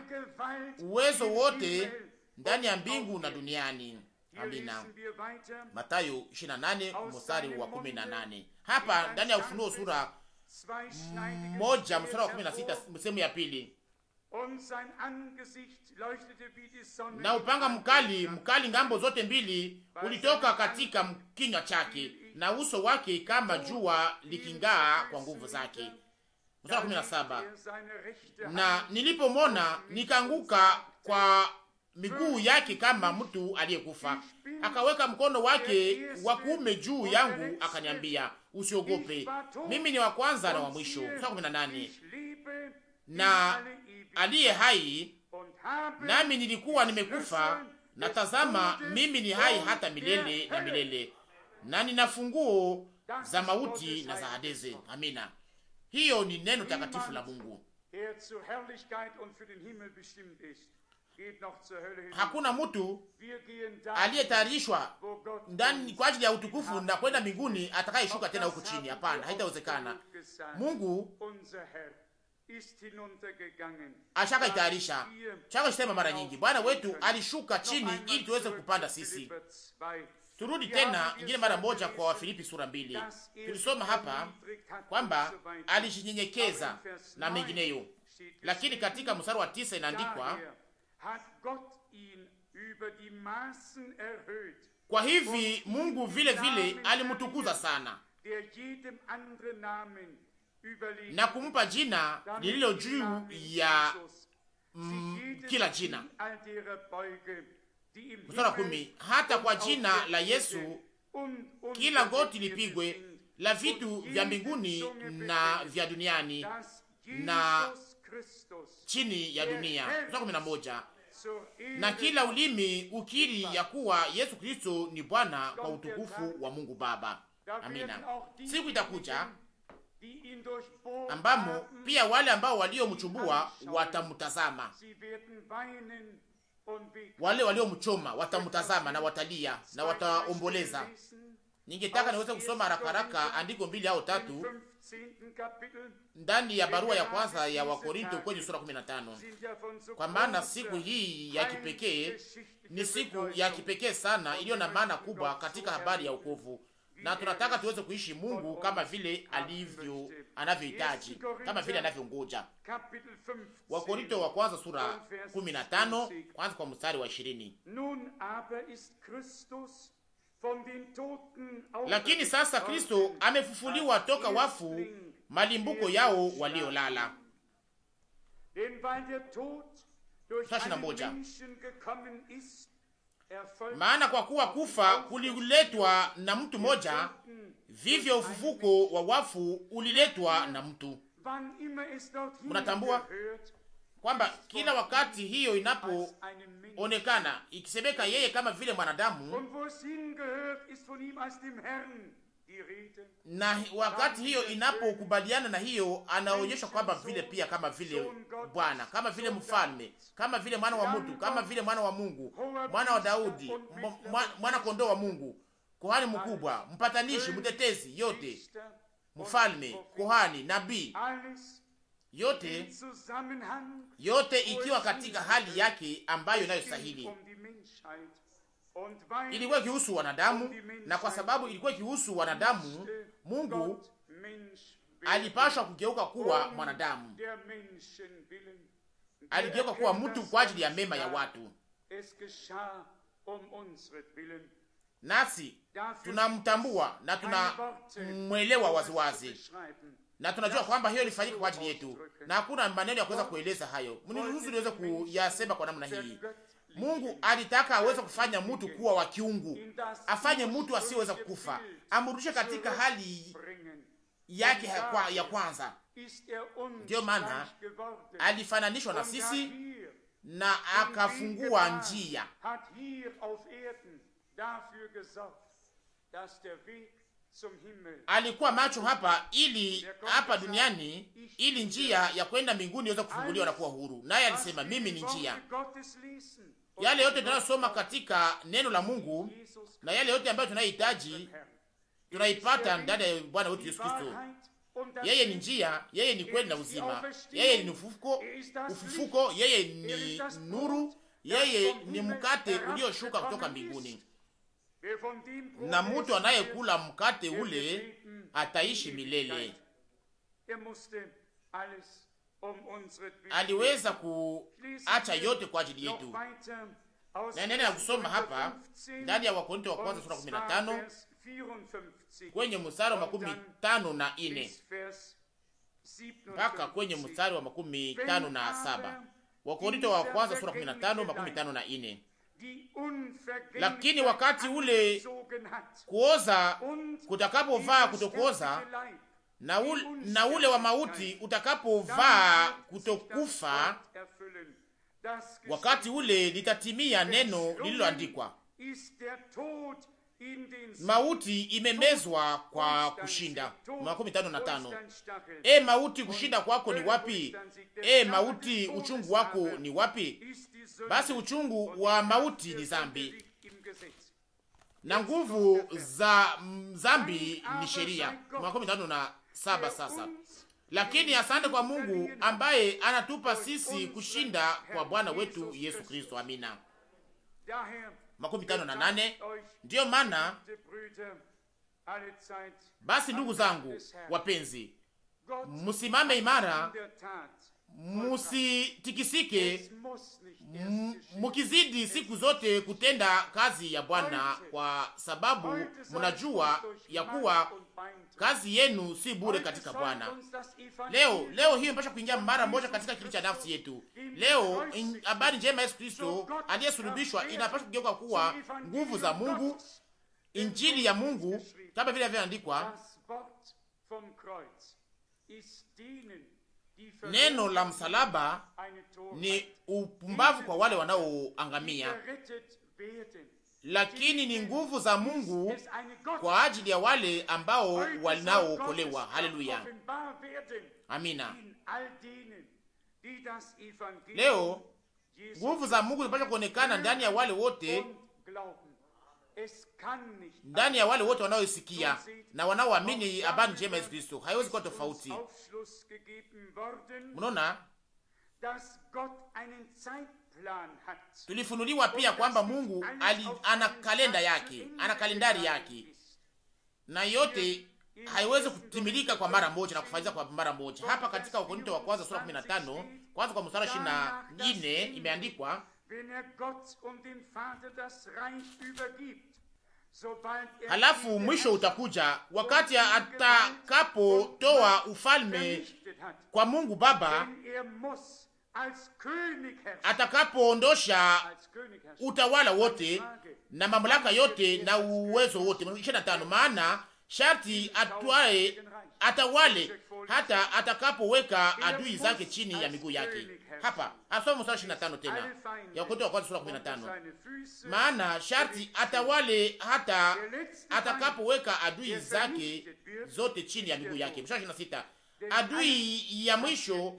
uwezo wote ndani ya mbingu na duniani. Amina. Mathayo 28 mstari wa 18. Hapa ndani ya Ufunuo sura moja mstari wa kumi na sita sehemu ya pili na upanga mkali mkali ngambo zote mbili ulitoka katika kinywa chake na uso wake kama jua likingaa kwa nguvu zake. Mstari kumi na saba na nilipomwona nikaanguka kwa miguu yake kama mtu aliyekufa, akaweka mkono wake wa kuume juu yangu akaniambia usiogope, mimi ni wa kwanza na wa mwisho. kumi na nane na aliye hai, nami nilikuwa nimekufa, na tazama mimi ni hai hata milele na milele, na nina funguo za mauti na za Hadeze. Amina. Hiyo ni neno takatifu la Mungu hakuna mtu aliyetayarishwa ndani kwa ajili ya utukufu na kwenda mbinguni atakayeshuka tena huku chini. Hapana, haitawezekana. Mungu ashaka itayarisha chaka shitema mara nyingi, Bwana wetu alishuka chini ili tuweze kupanda sisi. Turudi tena ingine mara moja kwa Wafilipi sura mbili, tulisoma hapa kwamba alijinyenyekeza na mengineyo, lakini katika mstari wa tisa inaandikwa kwa hivi Mungu vile vile alimtukuza sana na kumpa jina lililo juu ya mm, kila jina. Mstari kumi, hata kwa jina la Yesu kila goti lipigwe, la vitu vya mbinguni na vya duniani na chini ya dunia. Mstari kumi na moja na kila ulimi ukiri ya kuwa Yesu Kristo ni Bwana kwa utukufu wa Mungu Baba. Amina. Siku itakuja ambamo pia wale ambao waliomchumbua watamtazama, wale waliomchoma watamtazama na watalia na wataomboleza. Ningetaka niweze kusoma haraka haraka andiko mbili au tatu ndani ya barua ya kwanza ya Wakorinto kwenye sura 15, kwa maana siku hii ya kipekee ni siku ya kipekee sana iliyo na maana kubwa katika habari ya wokovu, na er tunataka tuweze kuishi Mungu kama vile alivyo anavyohitaji, kama vile anavyongoja. Wakorinto wa kwanza sura 15, kwanza kwa mstari wa 20. Lakini sasa Kristo amefufuliwa toka wafu, malimbuko yao waliolala. Maana kwa kuwa kufa kuliletwa na mtu moja, vivyo ufufuko wa wafu uliletwa na mtu. Mnatambua kwamba kila wakati hiyo inapoonekana ikisemeka yeye kama vile mwanadamu, na wakati hiyo inapokubaliana na hiyo, anaonyeshwa kwamba vile pia kama vile Bwana, kama vile mfalme, kama vile mwana wa mtu, kama vile mwana wa Mungu, mwana wa Daudi, mwana kondoo wa Mungu, kohani mkubwa, mpatanishi, mtetezi, yote, mfalme, kohani, nabii yote yote ikiwa katika hali yake ambayo inayostahili. Ilikuwa ikihusu wanadamu, na kwa sababu ilikuwa ikihusu wanadamu, Mungu alipashwa kugeuka kuwa mwanadamu, aligeuka kuwa mtu kwa ajili ya mema ya watu, nasi tunamtambua na tunamwelewa waziwazi na tunajua kwamba hiyo ilifanyika kwa ajili yetu, na hakuna maneno ya kuweza kueleza hayo. Mniruhusu niweze kuyasema kwa namna hii. Mungu alitaka aweze kufanya mtu kuwa wa kiungu, afanye mtu asiyeweza kukufa amrudishe katika hali yake ya kwanza. Ndiyo maana alifananishwa na sisi na akafungua njia alikuwa macho hapa ili hapa duniani ili njia ya kwenda mbinguni iweze kufunguliwa na kuwa huru. Naye alisema mimi ni njia. Yale yote tunayosoma katika neno la Mungu na yale yote ambayo tunayohitaji tunaipata ndani ya Bwana wetu Yesu Kristo. Yeye ni njia, yeye ni kweli na uzima, yeye ni ufufuko, ufufuko, yeye ni nuru, yeye ni mkate ulioshuka kutoka mbinguni na mtu anayekula mkate ule ataishi milele. Um Aliweza kuacha yote kwa ajili yetu. ya kusoma hapa ndani ya Wakorinto wa kwanza sura 15 kwenye mstari wa makumi tano na ine mpaka kwenye mstari wa makumi tano na saba Wakorinto wa kwanza sura 15 makumi tano na ine lakini wakati ule kuoza kutakapovaa kutokuoza na ule, na ule wa mauti utakapovaa kutokufa, wakati ule litatimia neno lililoandikwa Mauti imemezwa kwa kushinda. makumi tano na tano. E mauti, kushinda kwako ni wapi? E mauti, uchungu wako ni wapi? Basi uchungu wa mauti ni zambi, na nguvu za zambi ni sheria. makumi tano na saba. Sasa lakini asante kwa Mungu ambaye anatupa sisi kushinda kwa Bwana wetu Yesu Kristo. Amina makumi tano na nane. Ndiyo maana basi, ndugu zangu wapenzi, msimame imara musitikisike mukizidi siku zote kutenda kazi ya Bwana, kwa sababu mnajua ya kuwa kazi yenu si bure katika Bwana. Leo leo hiyo mpasha kuingia mara moja katika kitu cha nafsi yetu. Leo habari njema Yesu Kristo aliyesulubishwa inapasha kugeuka kuwa nguvu za Mungu, injili ya Mungu, kama vile vyoandikwa Neno la msalaba ni upumbavu kwa wale wanaoangamia, lakini ni nguvu za Mungu kwa ajili ya wale ambao wanaookolewa. Haleluya, amina. Leo nguvu za Mungu zinapaswa kuonekana ndani ya wale wote ndani ya wale wote wanaoisikia na wanaoamini habari njema Yesu Kristo. Haiwezi kuwa tofauti. Mnaona, tulifunuliwa pia kwamba Mungu ali, ana kalenda yake, ana kalendari yake, na yote haiwezi kutimilika kwa mara moja na kufanyika kwa mara moja. Hapa katika Wakorinto wa kwanza sura 15 kwanza kwa mstari 24 imeandikwa Er um er Halafu mwisho utakuja wakati atakapotoa ufalme kwa Mungu Baba, er atakapoondosha utawala wote na mamlaka yote na uwezo wote. ishirini na tano. Maana sharti atwae atawale hata atakapoweka adui zake chini ya miguu yake hapa asoma mstari ishirini na tano tena ya Wakorintho wa kwanza sura kumi na tano maana sharti atawale hata atakapoweka adui zake zote chini ya miguu yake. Mstari ishirini na sita adui ya mwisho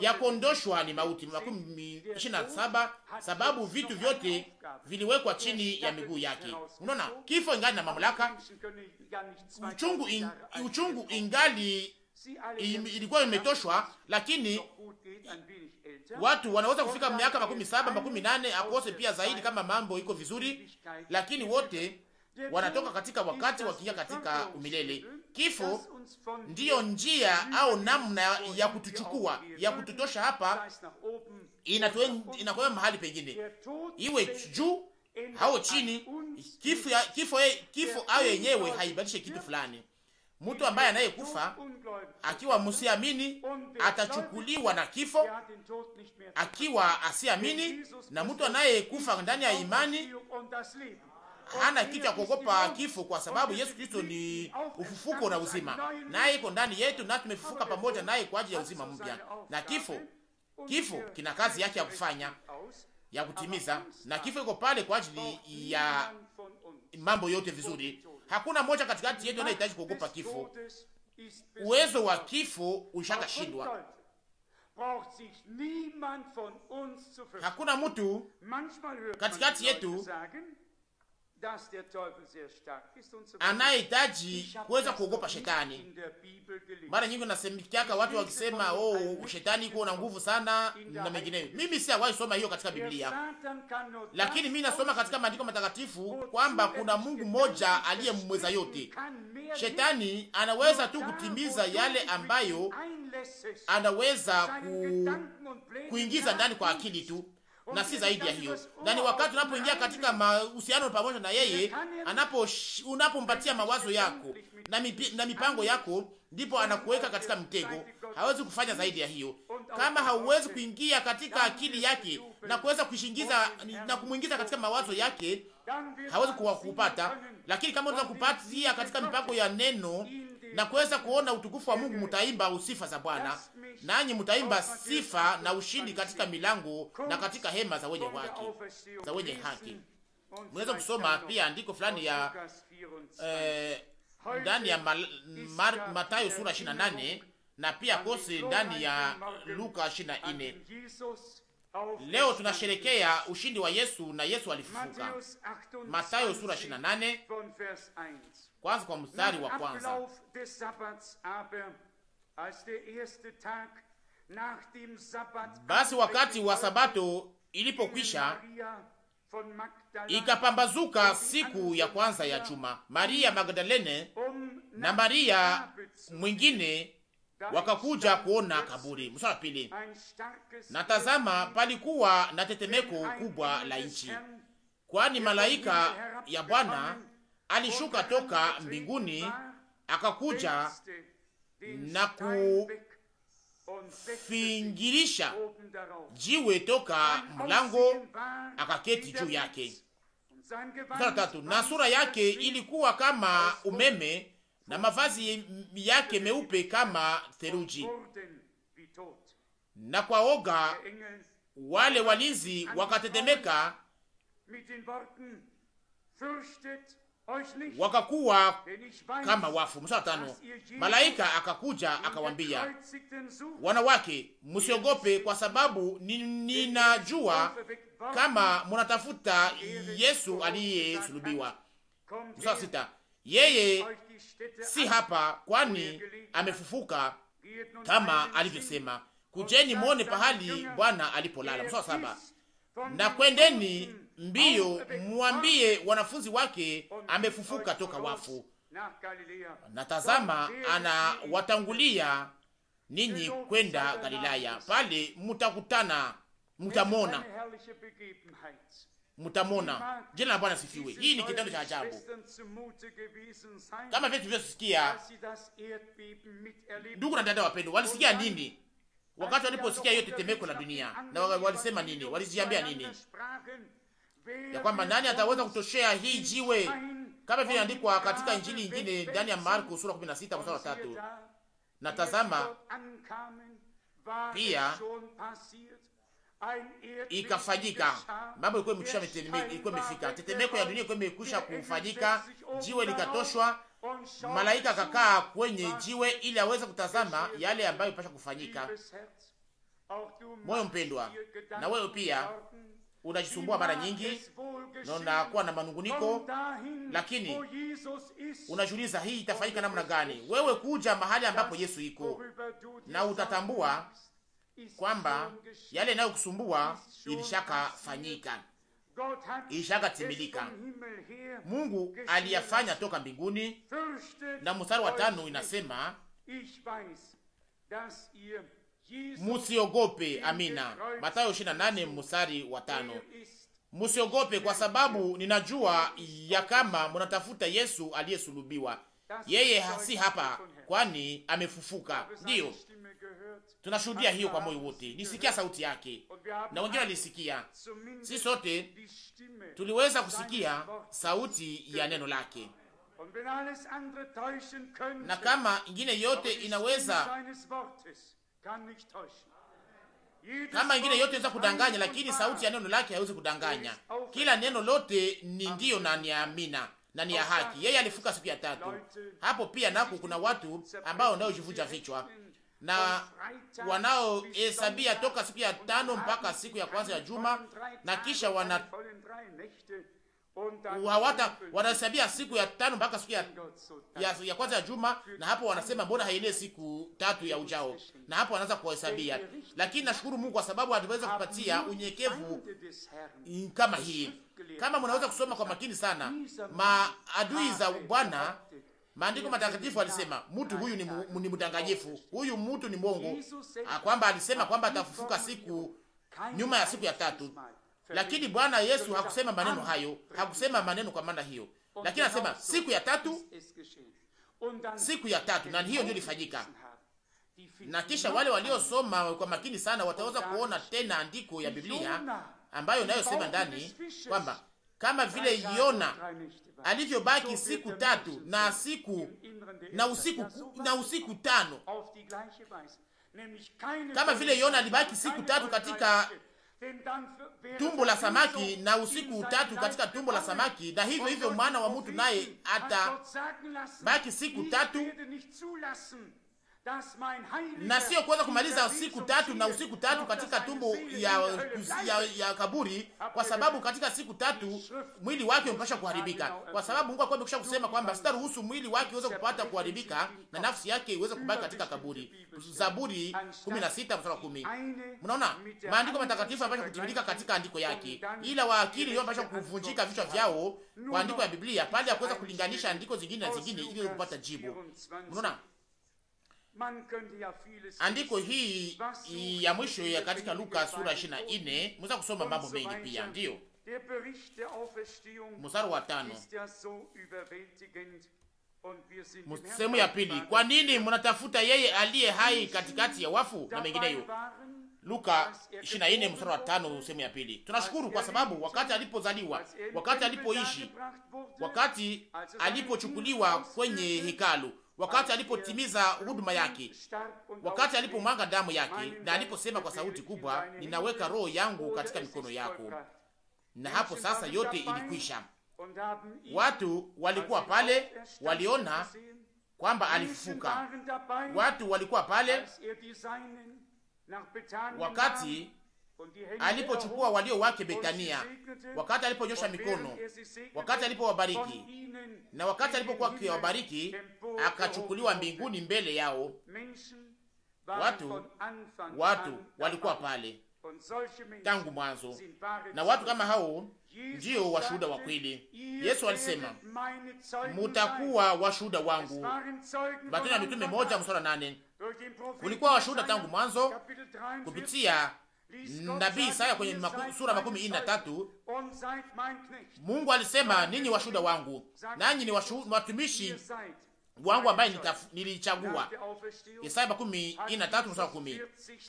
ya kondoshwa ni mauti. Makumi ishirini na saba sababu vitu vyote viliwekwa chini ya miguu yake. Unaona, kifo ingali na mamlaka, uchungu, in, uchungu ingali ilikuwa imetoshwa, lakini watu wanaweza kufika miaka makumi saba makumi nane akose pia zaidi, kama mambo iko vizuri, lakini wote wanatoka katika wakati wakiingia katika umilele. Kifo ndiyo njia au namna ya kutuchukua ya kututosha hapa, inakwea mahali pengine, iwe juu au chini. Kifo, kifo, kifo ayo yenyewe haibadilishe kitu fulani mtu ambaye anayekufa akiwa msiamini atachukuliwa na kifo akiwa asiamini, na mtu anayekufa ndani ya imani hana kitu ya kuogopa kifo, kwa sababu Yesu Kristo ni ufufuko na uzima, naye iko ndani yetu na tumefufuka pamoja naye kwa ajili ya uzima mpya. Na kifo kifo kina kazi yake ya kufanya ya kutimiza, na kifo iko pale kwa ajili ya mambo yote vizuri Hakuna mmoja katikati yetu anayehitaji kuogopa kifo. Uwezo wa kifo ushakashindwa. Hakuna mtu katikati yetu anayehitaji kuweza kuogopa shetani. Mara nyingi nasemikiaka watu wakisema oh, shetani iko na nguvu sana na mengineyo. Mimi si hawahi soma hiyo katika Biblia, lakini mimi nasoma katika maandiko matakatifu kwamba kuna Mungu mmoja mweza yote. Shetani anaweza tu kutimiza yale ambayo anaweza ku, kuingiza ndani kwa akili tu na si zaidi ya hiyo. Na ni wakati unapoingia katika mahusiano pamoja na yeye, anapo unapompatia mawazo yako na, mipi, na mipango yako, ndipo anakuweka katika mtego. Hawezi kufanya zaidi ya hiyo. Kama hauwezi kuingia katika akili yake na kuweza kushingiza na kumwingiza katika mawazo yake, hawezi kuwakupata. kupata. Lakini kama unaweza kupatia katika mipango ya neno na kuweza kuona utukufu wa Mungu, mutaimba usifa za Bwana, nanyi mutaimba sifa na ushindi katika milango na katika hema za wenye haki, za wenye haki. Mweza kusoma pia andiko fulani ya eh, ya Mal, Mar, Matayo sura 28 na pia kosi ndani ya Luka 24. Leo tunasherekea ushindi wa Yesu na Yesu alifufuka. Matayo sura 28 kwanza kwa mstari wa kwanza. Basi wakati wa sabato ilipokwisha, ikapambazuka siku ya kwanza ya chuma, Maria um Magdalene na Maria mwingine wakakuja kuona kaburi. msaa pili. natazama palikuwa na tetemeko kubwa la nchi, kwani malaika ya Bwana alishuka toka mbinguni akakuja na kufingirisha jiwe toka mlango akaketi juu yake. Tatu, na sura yake ilikuwa kama umeme na mavazi yake meupe kama theluji, na kwa oga wale walinzi wakatetemeka wakakuwa kama wafu. Mstari tano, malaika akakuja akawambia wanawake, msiogope, kwa sababu ninajua kama munatafuta Yesu aliyesulubiwa. Mstari sita, yeye si hapa, kwani amefufuka kama alivyosema. Kujeni mwone pahali Bwana alipolala. Mstari saba, na kwendeni mbio, mwambie wanafunzi wake amefufuka toka wafu, na tazama, anawatangulia ninyi kwenda Galilaya, pale mutakutana, mutamona, mutamona. Jina la Bwana sifiwe. Hii ni kitendo cha ajabu, kama vile tulivyosikia. Ndugu na dada wapendwa, walisikia nini wakati waliposikia hiyo tetemeko la dunia? Na walisema nini? Walijiambia nini? ya kwamba nani ataweza kutoshea hii jiwe, kama vile andikwa katika injili nyingine ndani ya Marko sura 16 mstari wa 3. Na tazama pia ikafanyika, mambo ilikuwa imekwisha, ilikuwa imefika, tetemeko ya dunia ilikuwa imekwisha kufanyika, jiwe likatoshwa, malaika akakaa kwenye jiwe ili aweze kutazama yale ambayo ipasha kufanyika. Moyo mpendwa, na wewe pia unajisumbua mara nyingi na unakuwa na manunguniko, lakini unajiuliza hii itafanyika namna gani? Wewe kuja mahali ambapo Yesu iko, na utatambua kwamba yale fanyika ilishakafanyika, timilika Mungu aliyafanya toka mbinguni. Na mstari wa tano inasema Musiogope. Amina. Mathayo 28 mstari wa tano. Musiogope kwa sababu ninajua ya kama munatafuta Yesu aliyesulubiwa. Yeye si hapa, kwani amefufuka. Ndiyo, tunashuhudia hiyo kwa moyo wote. Nisikia sauti yake na wengine walisikia. Si sote tuliweza kusikia sauti ya neno lake, na kama ingine yote inaweza kama ingine yote weza kudanganya, lakini sauti ya neno lake haiwezi kudanganya. Kila neno lote ni ndiyo na ni amina na ni ya haki. Yeye alifuka siku ya tatu. Hapo pia nako kuna watu ambao wanaojivunja vichwa na wanaohesabia toka siku ya tano mpaka siku ya kwanza ya juma, na kisha wana wawata wanahesabia siku ya tano mpaka siku ya, ya, ya kwanza ya juma, na hapo wanasema mbona haenee siku tatu ya ujao, na hapo wanaanza kuwahesabia. Lakini nashukuru Mungu kwa sababu aliweza kupatia unyekevu kama hii. Kama mnaweza kusoma kwa makini sana maadui za Bwana, maandiko matakatifu alisema mtu huyu ni, mu, ni mdanganyifu, huyu mtu ni mwongo, ah, kwamba alisema kwamba atafufuka siku nyuma ya siku ya tatu lakini Bwana Yesu hakusema maneno hayo, hakusema maneno kwa maana hiyo, lakini anasema siku ya tatu, siku ya tatu, na hiyo ndio ilifanyika. Na kisha wale waliosoma kwa makini sana wataweza kuona tena andiko ya Biblia ambayo inayosema ndani kwamba kama vile Yona alivyobaki siku tatu na siku na usiku na usiku tano, kama vile Yona alibaki siku tatu katika tumbo la samaki na usiku utatu katika tumbo la samaki, na hivyo hivyo mwana wa mtu naye atabaki siku tatu na sio kuweza kumaliza siku tatu na usiku tatu katika tumbo ya, ya, ya kaburi, kwa sababu katika siku tatu mwili wake umepasha kuharibika, kwa sababu Mungu alikuwa amekwisha kusema kwamba sitaruhusu mwili wake uweze kupata kuharibika e na nafsi yake iweze kubaki katika kaburi. Zaburi 16 mstari 10. Mnaona maandiko matakatifu yanapaswa kutimilika katika andiko yake, ila waakili wao wanapaswa kuvunjika vichwa vyao kwa andiko ya Biblia pale ya kuweza kulinganisha andiko zingine na zingine ili kupata jibu. Mnaona Andiko hii ya mwisho ya katika Luka sura 24 mweza kusoma mambo mengi pia, ndiyo mstari wa tano sehemu ya pili, kwa nini mnatafuta yeye aliye hai katikati ya wafu na mengineyo. Luka 24 er mstari wa tano sehemu ya pili. Tunashukuru kwa er sababu wakati alipozaliwa, er wakati alipoishi, wakati alipochukuliwa kwenye hekalu wakati alipotimiza huduma yake, wakati alipomwanga damu yake, na aliposema kwa sauti kubwa, ninaweka roho yangu katika mikono yako. Na hapo sasa yote ilikwisha. Watu walikuwa pale, waliona kwamba alifufuka. Watu walikuwa pale wakati alipochukua walio wake Betania, wakati aliponyosha mikono, wakati alipowabariki, na wakati alipokuwa akiwabariki akachukuliwa mbinguni mbele yao. Watu watu walikuwa pale tangu mwanzo, na watu kama hao ndiyo washuhuda wa kweli. Yesu alisema mutakuwa washuhuda wangu, Matendo ya Mitume moja mstari nane. Kulikuwa washuhuda tangu mwanzo kupitia nabii Isaya kwenye maku, sura makumi ine na tatu Mungu alisema ninyi washuhuda wangu, nanyi ni watumishi wangu ambaye nilichagua. Isaya makumi ine tatu mstari kumi.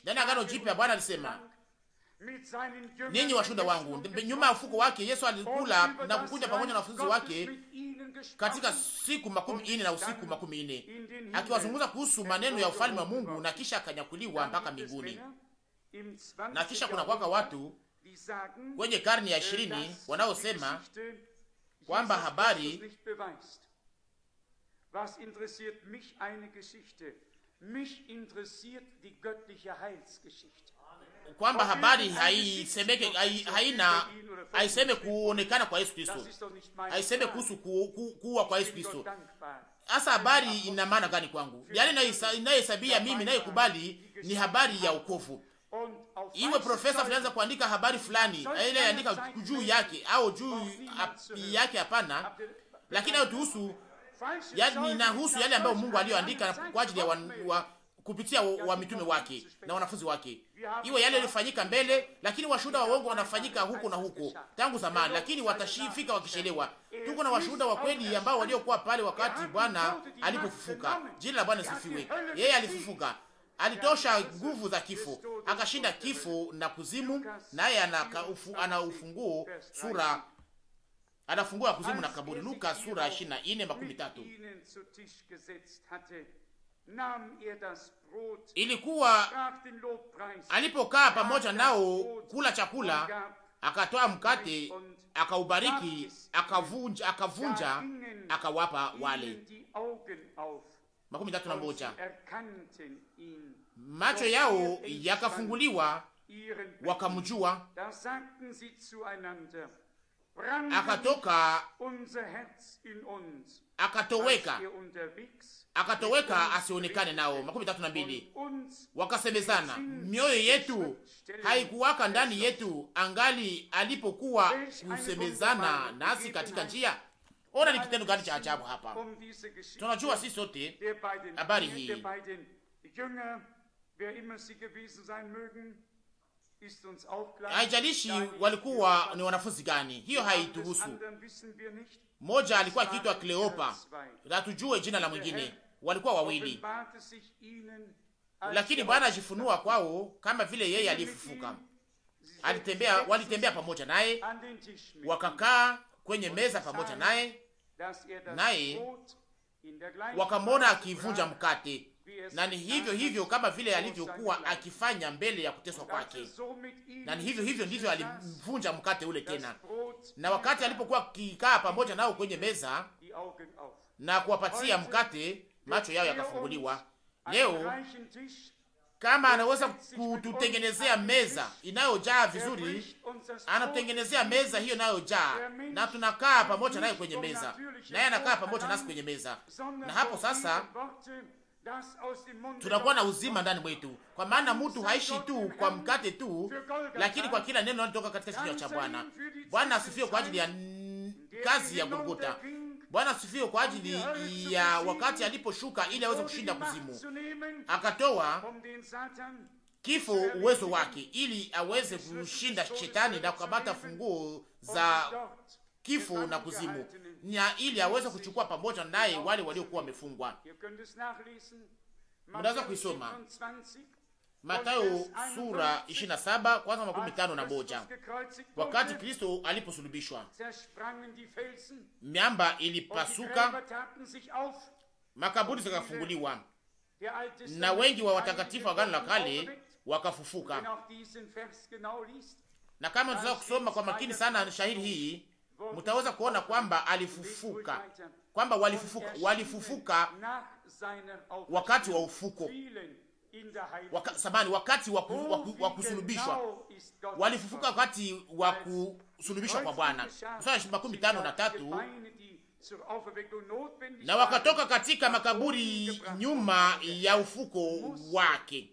Ndani ya Agano Jipya Bwana alisema ninyi washuda wangu. Nyuma ya ufuko wake Yesu alikula na kukuja pamoja na wanafunzi wake katika siku makumi ine na usiku makumi ine akiwazungumza kuhusu maneno ya ufalme wa Mungu, na kisha akanyakuliwa mpaka mbinguni. Na kisha kuna kwaka watu kwenye karne ya ishirini wanaosema kwamba habari Was interessiert mich eine Geschichte? Mich interessiert die göttliche Heilsgeschichte. Kwamba habari haisemeke haina haiseme kuonekana kwa Yesu Kristo, haiseme kuhusu kuwa kwa Yesu Kristo. Hasa habari ina maana gani kwangu? Yale yaani inayohesabia mimi nayekubali ni habari ya ukovu. Iwe profesa fulani kuandika habari fulani ile yaandika juu yake au juu yake, hapana, lakini hayo tuhusu yani inahusu yale ambayo Mungu aliyoandika kwa ajili ya wa, wa, kupitia wa mitume wake na wanafunzi wake, iwe yale yaliyofanyika mbele, lakini washuhuda wa uongo wanafanyika huko na huko tangu zamani, lakini watashifika wakichelewa. Tuko na washuhuda wa kweli ambao waliokuwa pale wakati Bwana alipofufuka. Jina la Bwana sifiwe. Yeye alifufuka, alitosha nguvu za kifo, akashinda kifo na kuzimu, naye ana ufunguo sura anafungua ya kuzimu na kaburi. Luka sura 24 makumi tatu. Ilikuwa alipokaa pamoja nao kula chakula, akatoa mkate, akaubariki, akavunja, akavunja, akawapa wale. makumi tatu na moja. Macho yao er yakafunguliwa, wakamjua akatoka akatoweka akatoweka asionekane nao. makumi tatu na mbili. Wakasemezana, mioyo yetu haikuwaka ndani yetu angali alipokuwa kusemezana nasi katika njia. Ona, ni kitendo gani cha ajabu hapa. Um Tunajua si sote habari hii haijalishi walikuwa ni wanafunzi gani, hiyo haituhusu. Moja alikuwa akiitwa Kleopa, hatujue jina la mwingine, walikuwa wawili, lakini Bwana ajifunua kwao kama vile yeye aliyefufuka. Alitembea, walitembea pamoja naye, wakakaa kwenye meza pamoja naye, er naye wakamwona akivunja mkate na ni hivyo hivyo kama vile alivyokuwa akifanya mbele ya kuteswa kwake, na ni hivyo hivyo ndivyo alivunja mkate ule tena, na wakati alipokuwa akikaa pamoja nao kwenye meza na kuwapatia mkate, macho yao yakafunguliwa. Leo kama anaweza kututengenezea meza inayojaa vizuri, anatutengenezea meza hiyo inayojaa, na tunakaa pamoja naye kwenye meza, naye anakaa pamoja nasi kwenye meza, na hapo sasa tunakuwa na uzima ndani mwetu, kwa maana mtu haishi tu kwa mkate tu, lakini kwa kila neno linalotoka katika kinywa cha Bwana. Bwana asifiwe kwa ajili ya kazi ya Golgotha. Bwana asifiwe kwa ajili ya wakati aliposhuka ili aweze um kushinda kuzimu, akatoa um kifo uwezo wake ili aweze kushinda shetani na kukamata funguo um za kifo na kuzimu na ili aweze kuchukua pamoja naye wale waliokuwa wamefungwa. Mnaweza kuisoma matayo sura 27 kwanza makumi tano na moja. Wakati Kristo aliposulubishwa, miamba ilipasuka, makaburi zikafunguliwa, na wengi wa watakatifu wa Agano la Kale wakafufuka. Na kama tunaweza kusoma kwa makini sana shahiri hii mtaweza kuona kwamba alifufuka, kwamba walifufuka, walifufuka wakati wa ufuko Waka, samani wakati wa kusulubishwa walifufuka, wakati wa kusulubishwa kwa Bwana, makumi tano na tatu, na wakatoka katika makaburi nyuma ya ufuko wake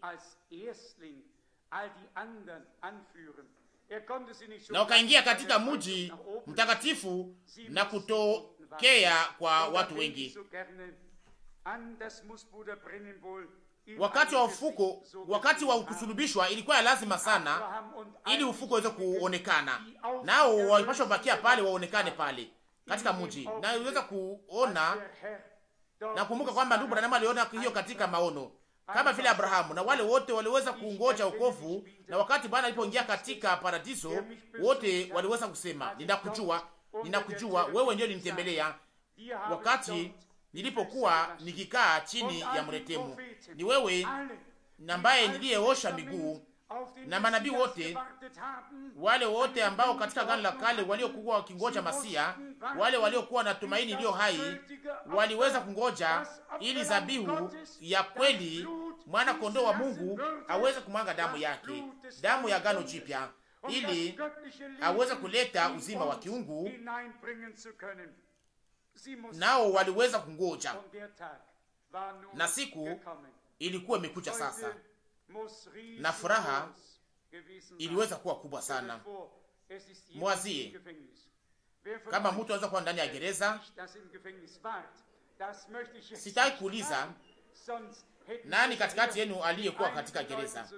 na wakaingia katika mji mtakatifu na kutokea kwa watu wengi. Wakati wa ufuko, wakati wa kusulubishwa ilikuwa ya lazima sana, ili ufuko uweze kuonekana, nao walipashwa bakia pale, waonekane pale katika mji, na uweza kuona na kumbuka kwamba ndugu Branham aliona hiyo katika maono kama vile Abrahamu na wale wote waliweza kungoja wokovu, na wakati Bwana alipoingia katika paradiso, wote waliweza kusema ninakujua, ninakujua wewe, ndio nilitembelea wakati nilipokuwa nikikaa chini ya mretemu, ni wewe nambaye niliyeosha miguu na manabii wote wale wote ambao katika gano la kale waliokuwa wakingoja Masia, wale waliokuwa na tumaini iliyo hai waliweza kungoja ili zabihu ya kweli mwana kondoo wa Mungu aweze kumwanga damu yake, damu ya gano jipya, ili aweze kuleta uzima wa kiungu. Nao waliweza kungoja na siku ilikuwa imekuja sasa na furaha iliweza kuwa kubwa sana. Mwazie kama mtu anaweza kuwa ndani ya gereza. Sitaki kuuliza nani katikati yenu aliyekuwa katika gereza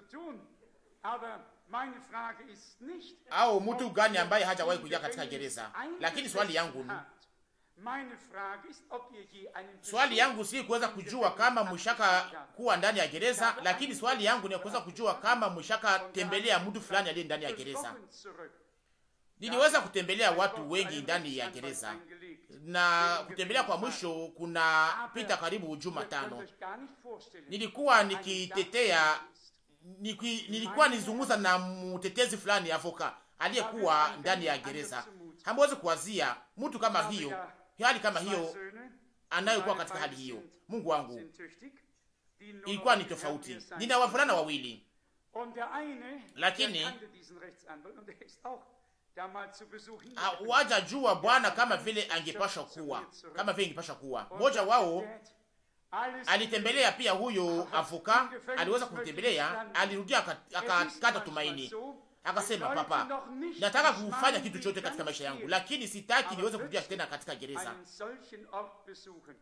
au mtu gani ambaye hajawahi kuja katika gereza, lakini swali yangu Swali yangu si kuweza kujua kama mshaka kuwa ndani ya gereza, lakini swali yangu ni kuweza kujua kama mshaka tembelea mtu fulani aliye ndani ya gereza. Niliweza kutembelea watu wengi ndani ya gereza na kutembelea kwa mwisho kuna pita karibu juma tano. Nilikuwa nikitetea niki, nilikuwa nizunguza na mtetezi fulani avoka aliyekuwa ndani ya gereza. Hamwezi kuwazia mtu kama hiyo hali yaani kama hiyo anayokuwa katika hali hiyo. Mungu wangu, ilikuwa ni tofauti. Nina wavulana wawili, lakini ah, wajajua Bwana kama vile angepasha kuwa, kama vile ingepasha kuwa. Mmoja wao alitembelea pia huyo avuka, aliweza kumtembelea, alirudia akakata tumaini Akasema, papa, nataka kufanya kitu chote katika maisha yangu, lakini sitaki niweze kurudia tena katika gereza.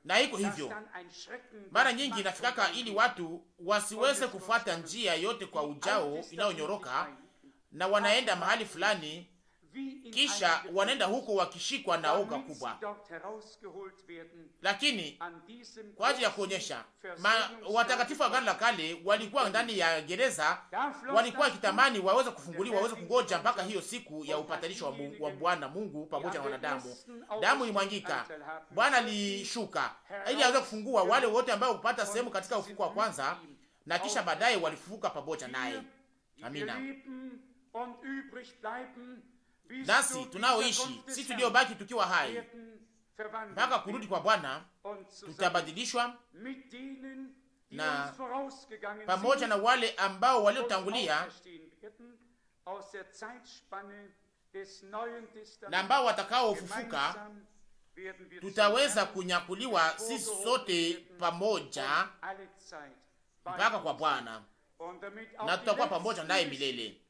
Na iko hivyo, mara nyingi nafikaka ili watu wasiweze kufuata njia yote kwa ujao inayonyoroka, na wanaenda mahali fulani kisha wanaenda huko wakishikwa na oga kubwa, lakini kwa ajili ya kuonyesha watakatifu wa Agano la Kale walikuwa ndani ya gereza, walikuwa wakitamani waweze kufunguliwa, waweze kungoja mpaka hiyo siku ya upatanisho wa Bwana Mungu pamoja na wanadamu. Damu imwangika, Bwana alishuka ili aweze kufungua wale wote ambao kupata sehemu katika ufuko wa kwanza, na kisha baadaye walifufuka pamoja naye. Amina nasi tunaoishi si tuliobaki tukiwa hai mpaka kurudi kwa Bwana, tutabadilishwa na pamoja na wale ambao waliotangulia na ambao watakaofufuka, tutaweza kunyakuliwa sisi sote pamoja mpaka kwa Bwana, na tutakuwa pamoja naye milele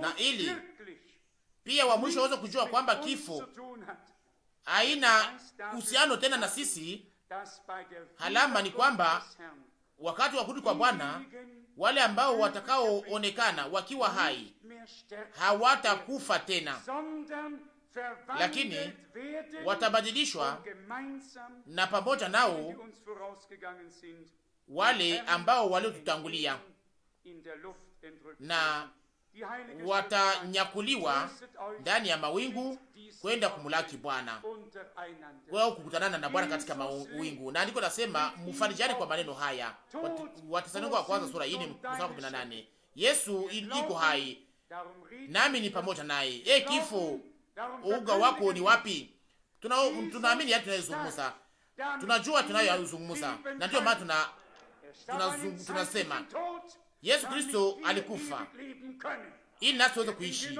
na ili pia wa mwisho waweze kujua kwamba kifo haina uhusiano tena na sisi. halama ni kwamba wakati wa kurudi kwa Bwana, wale ambao watakaoonekana wakiwa hai hawatakufa tena, lakini watabadilishwa na pamoja nao wale ambao waliotutangulia na watanyakuliwa ndani ya mawingu kwenda kumulaki Bwana wao kukutanana na Bwana katika mawingu. Na andiko nasema mfarijane kwa maneno haya, Wathesalonike wa kwanza sura hii ni mstari wa Yesu iko hai nami ni pamoja naye. E kifo, uga wako ni wapi? Tuna tunaamini hata yaani tunayozungumza, tunajua tunayoyazungumza, na ndio maana tuna tunasema tuna Yesu Kristo alikufa ili nasi tuweze kuishi,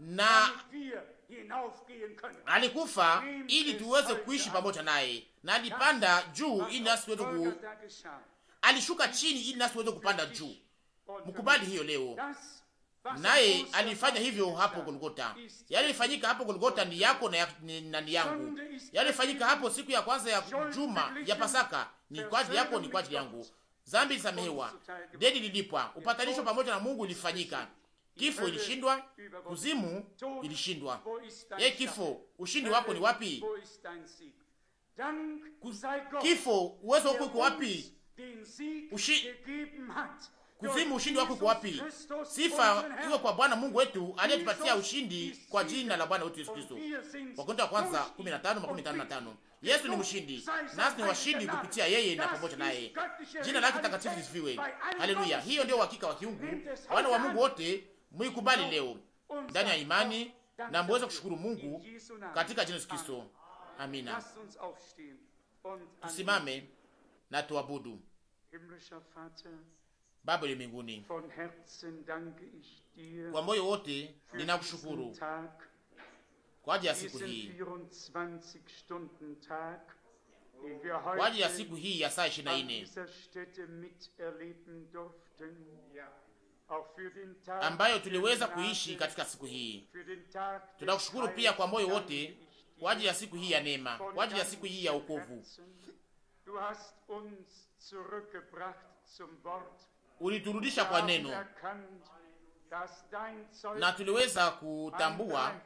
na alikufa ili tuweze kuishi pamoja naye, na alipanda juu ili nasi tuweze ku... alishuka chini ili nasi tuweze kupanda juu. Mkubali hiyo leo, naye alifanya hivyo hapo Golgota. Yalifanyika hapo Golgota ni yako na, ya, ni, na ni yangu. Yalifanyika hapo siku ya kwanza ya juma ya Pasaka ni kwa ajili yako, ni kwa ajili yangu zambi ilisamehewa, deni lilipwa, upatanisho pamoja na Mungu ilifanyika. Kifo ilishindwa, kuzimu ilishindwa. E kifo, ushindi wako ni wapi? Kifo, uwezo wako uko wapi? kuzimu, ushindi wako uko wapi? Sifa hiyo kwa Bwana Mungu wetu aliyetupatia ushindi kwa jina la Bwana wetu Yesu Kristo. Wakorintho wa kwanza 15:15. Yesu ni mshindi, nasi ni washindi kupitia yeye na pamoja naye. Jina lake takatifu lisifiwe. Haleluya! Hiyo ndio uhakika wa kiungu. Wana wa Mungu wote mwikubali leo ndani ya imani na mweze kushukuru Mungu katika jina Yesu Kristo. Amina. Tusimame na tuabudu. Baba ya mbinguni, kwa moyo wote ninakushukuru kwa ajili ya siku hii, kwa ajili ya siku hii ya saa ishirini na nne ambayo tuliweza kuishi katika siku hii. Tunakushukuru pia kwa moyo wote kwa ajili ya siku hii ya neema, kwa ajili ya siku hii ya wokovu. Uliturudisha kwa neno na tuliweza kutambua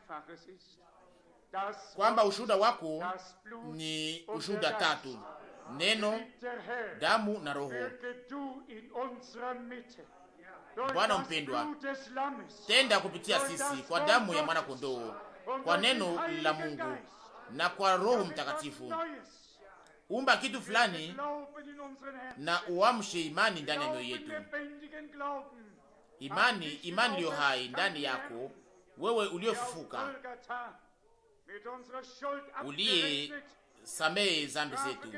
kwamba ushuhuda wako ni ushuhuda tatu: neno, damu na roho. Bwana mpendwa, tenda kupitia sisi kwa damu ya mwana kondoo, kwa neno la Mungu na kwa Roho Mtakatifu. Umba kitu fulani na uamshe imani ndani ya mioyo yetu, imani imani iliyo hai ndani yako wewe uliofufuka uliyesamehe zambi zetu,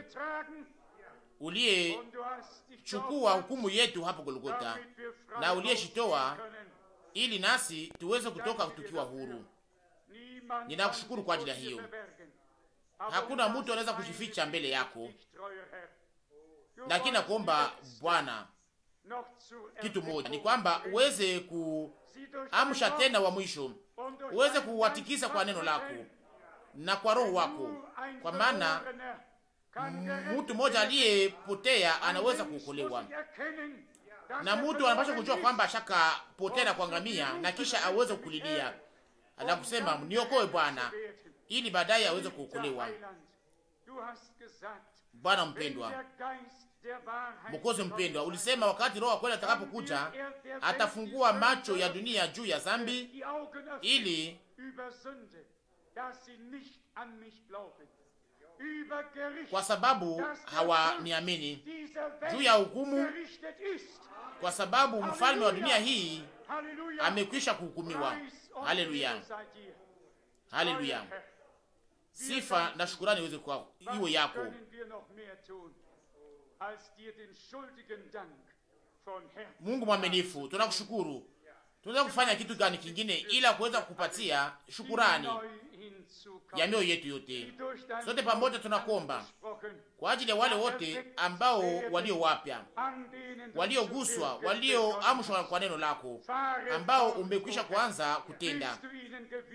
uliyechukua hukumu yetu hapo golgota na uliyeshitoa ili nasi tuweze kutoka tukiwa huru. Ninakushukuru kwa ajili ya hiyo. Hakuna mtu anaweza kujificha mbele yako, lakini nakuomba Bwana kitu moja ni kwamba uweze kuamsha tena wa mwisho, uweze kuwatikisa kwa neno lako na kwa roho wako, kwa maana mtu mmoja aliyepotea anaweza kuokolewa. Na mtu anapaswa kujua kwamba ashaka potea na kuangamia, na kisha aweze kulilia na kusema niokoe Bwana, ili baadaye aweze kuokolewa. Bwana mpendwa, Mwokozi mpendwa, ulisema wakati Roho wa kweli atakapokuja atafungua macho ya dunia juu ya zambi ili kwa sababu hawaniamini, juu ya hukumu, kwa sababu mfalme wa dunia hii amekwisha kuhukumiwa. Haleluya, haleluya! Sifa na shukurani iweze kuwa iwe yako. Mungu mwaminifu, tunakushukuru tunaweza kufanya kitu gani kingine ila kuweza kupatia shukurani ya mioyo yetu yote. Sote pamoja tunakomba kwa ajili ya wale wote ambao walio wapya, walioguswa, walioamshwa kwa neno lako, ambao umekwisha kuanza kutenda.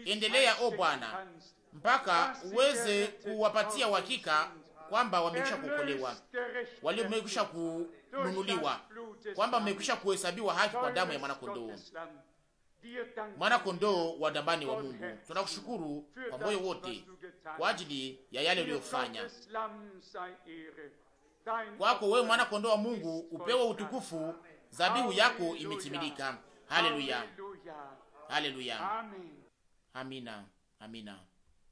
Endelea o Bwana, mpaka uweze kuwapatia uhakika kwamba wamekwisha kuokolewa, waliomekwisha ku mmenunuliwa, kwamba mmekwisha kuhesabiwa haki kwa damu ya mwanakondoo, mwanakondoo wa dambani wa Mungu. Tunakushukuru kwa moyo wote kwa ajili ya yale uliyofanya kwako wewe mwana kondoo wa Mungu upewe utukufu, zabihu yako imetimilika. Haleluya, haleluya, amina, amina.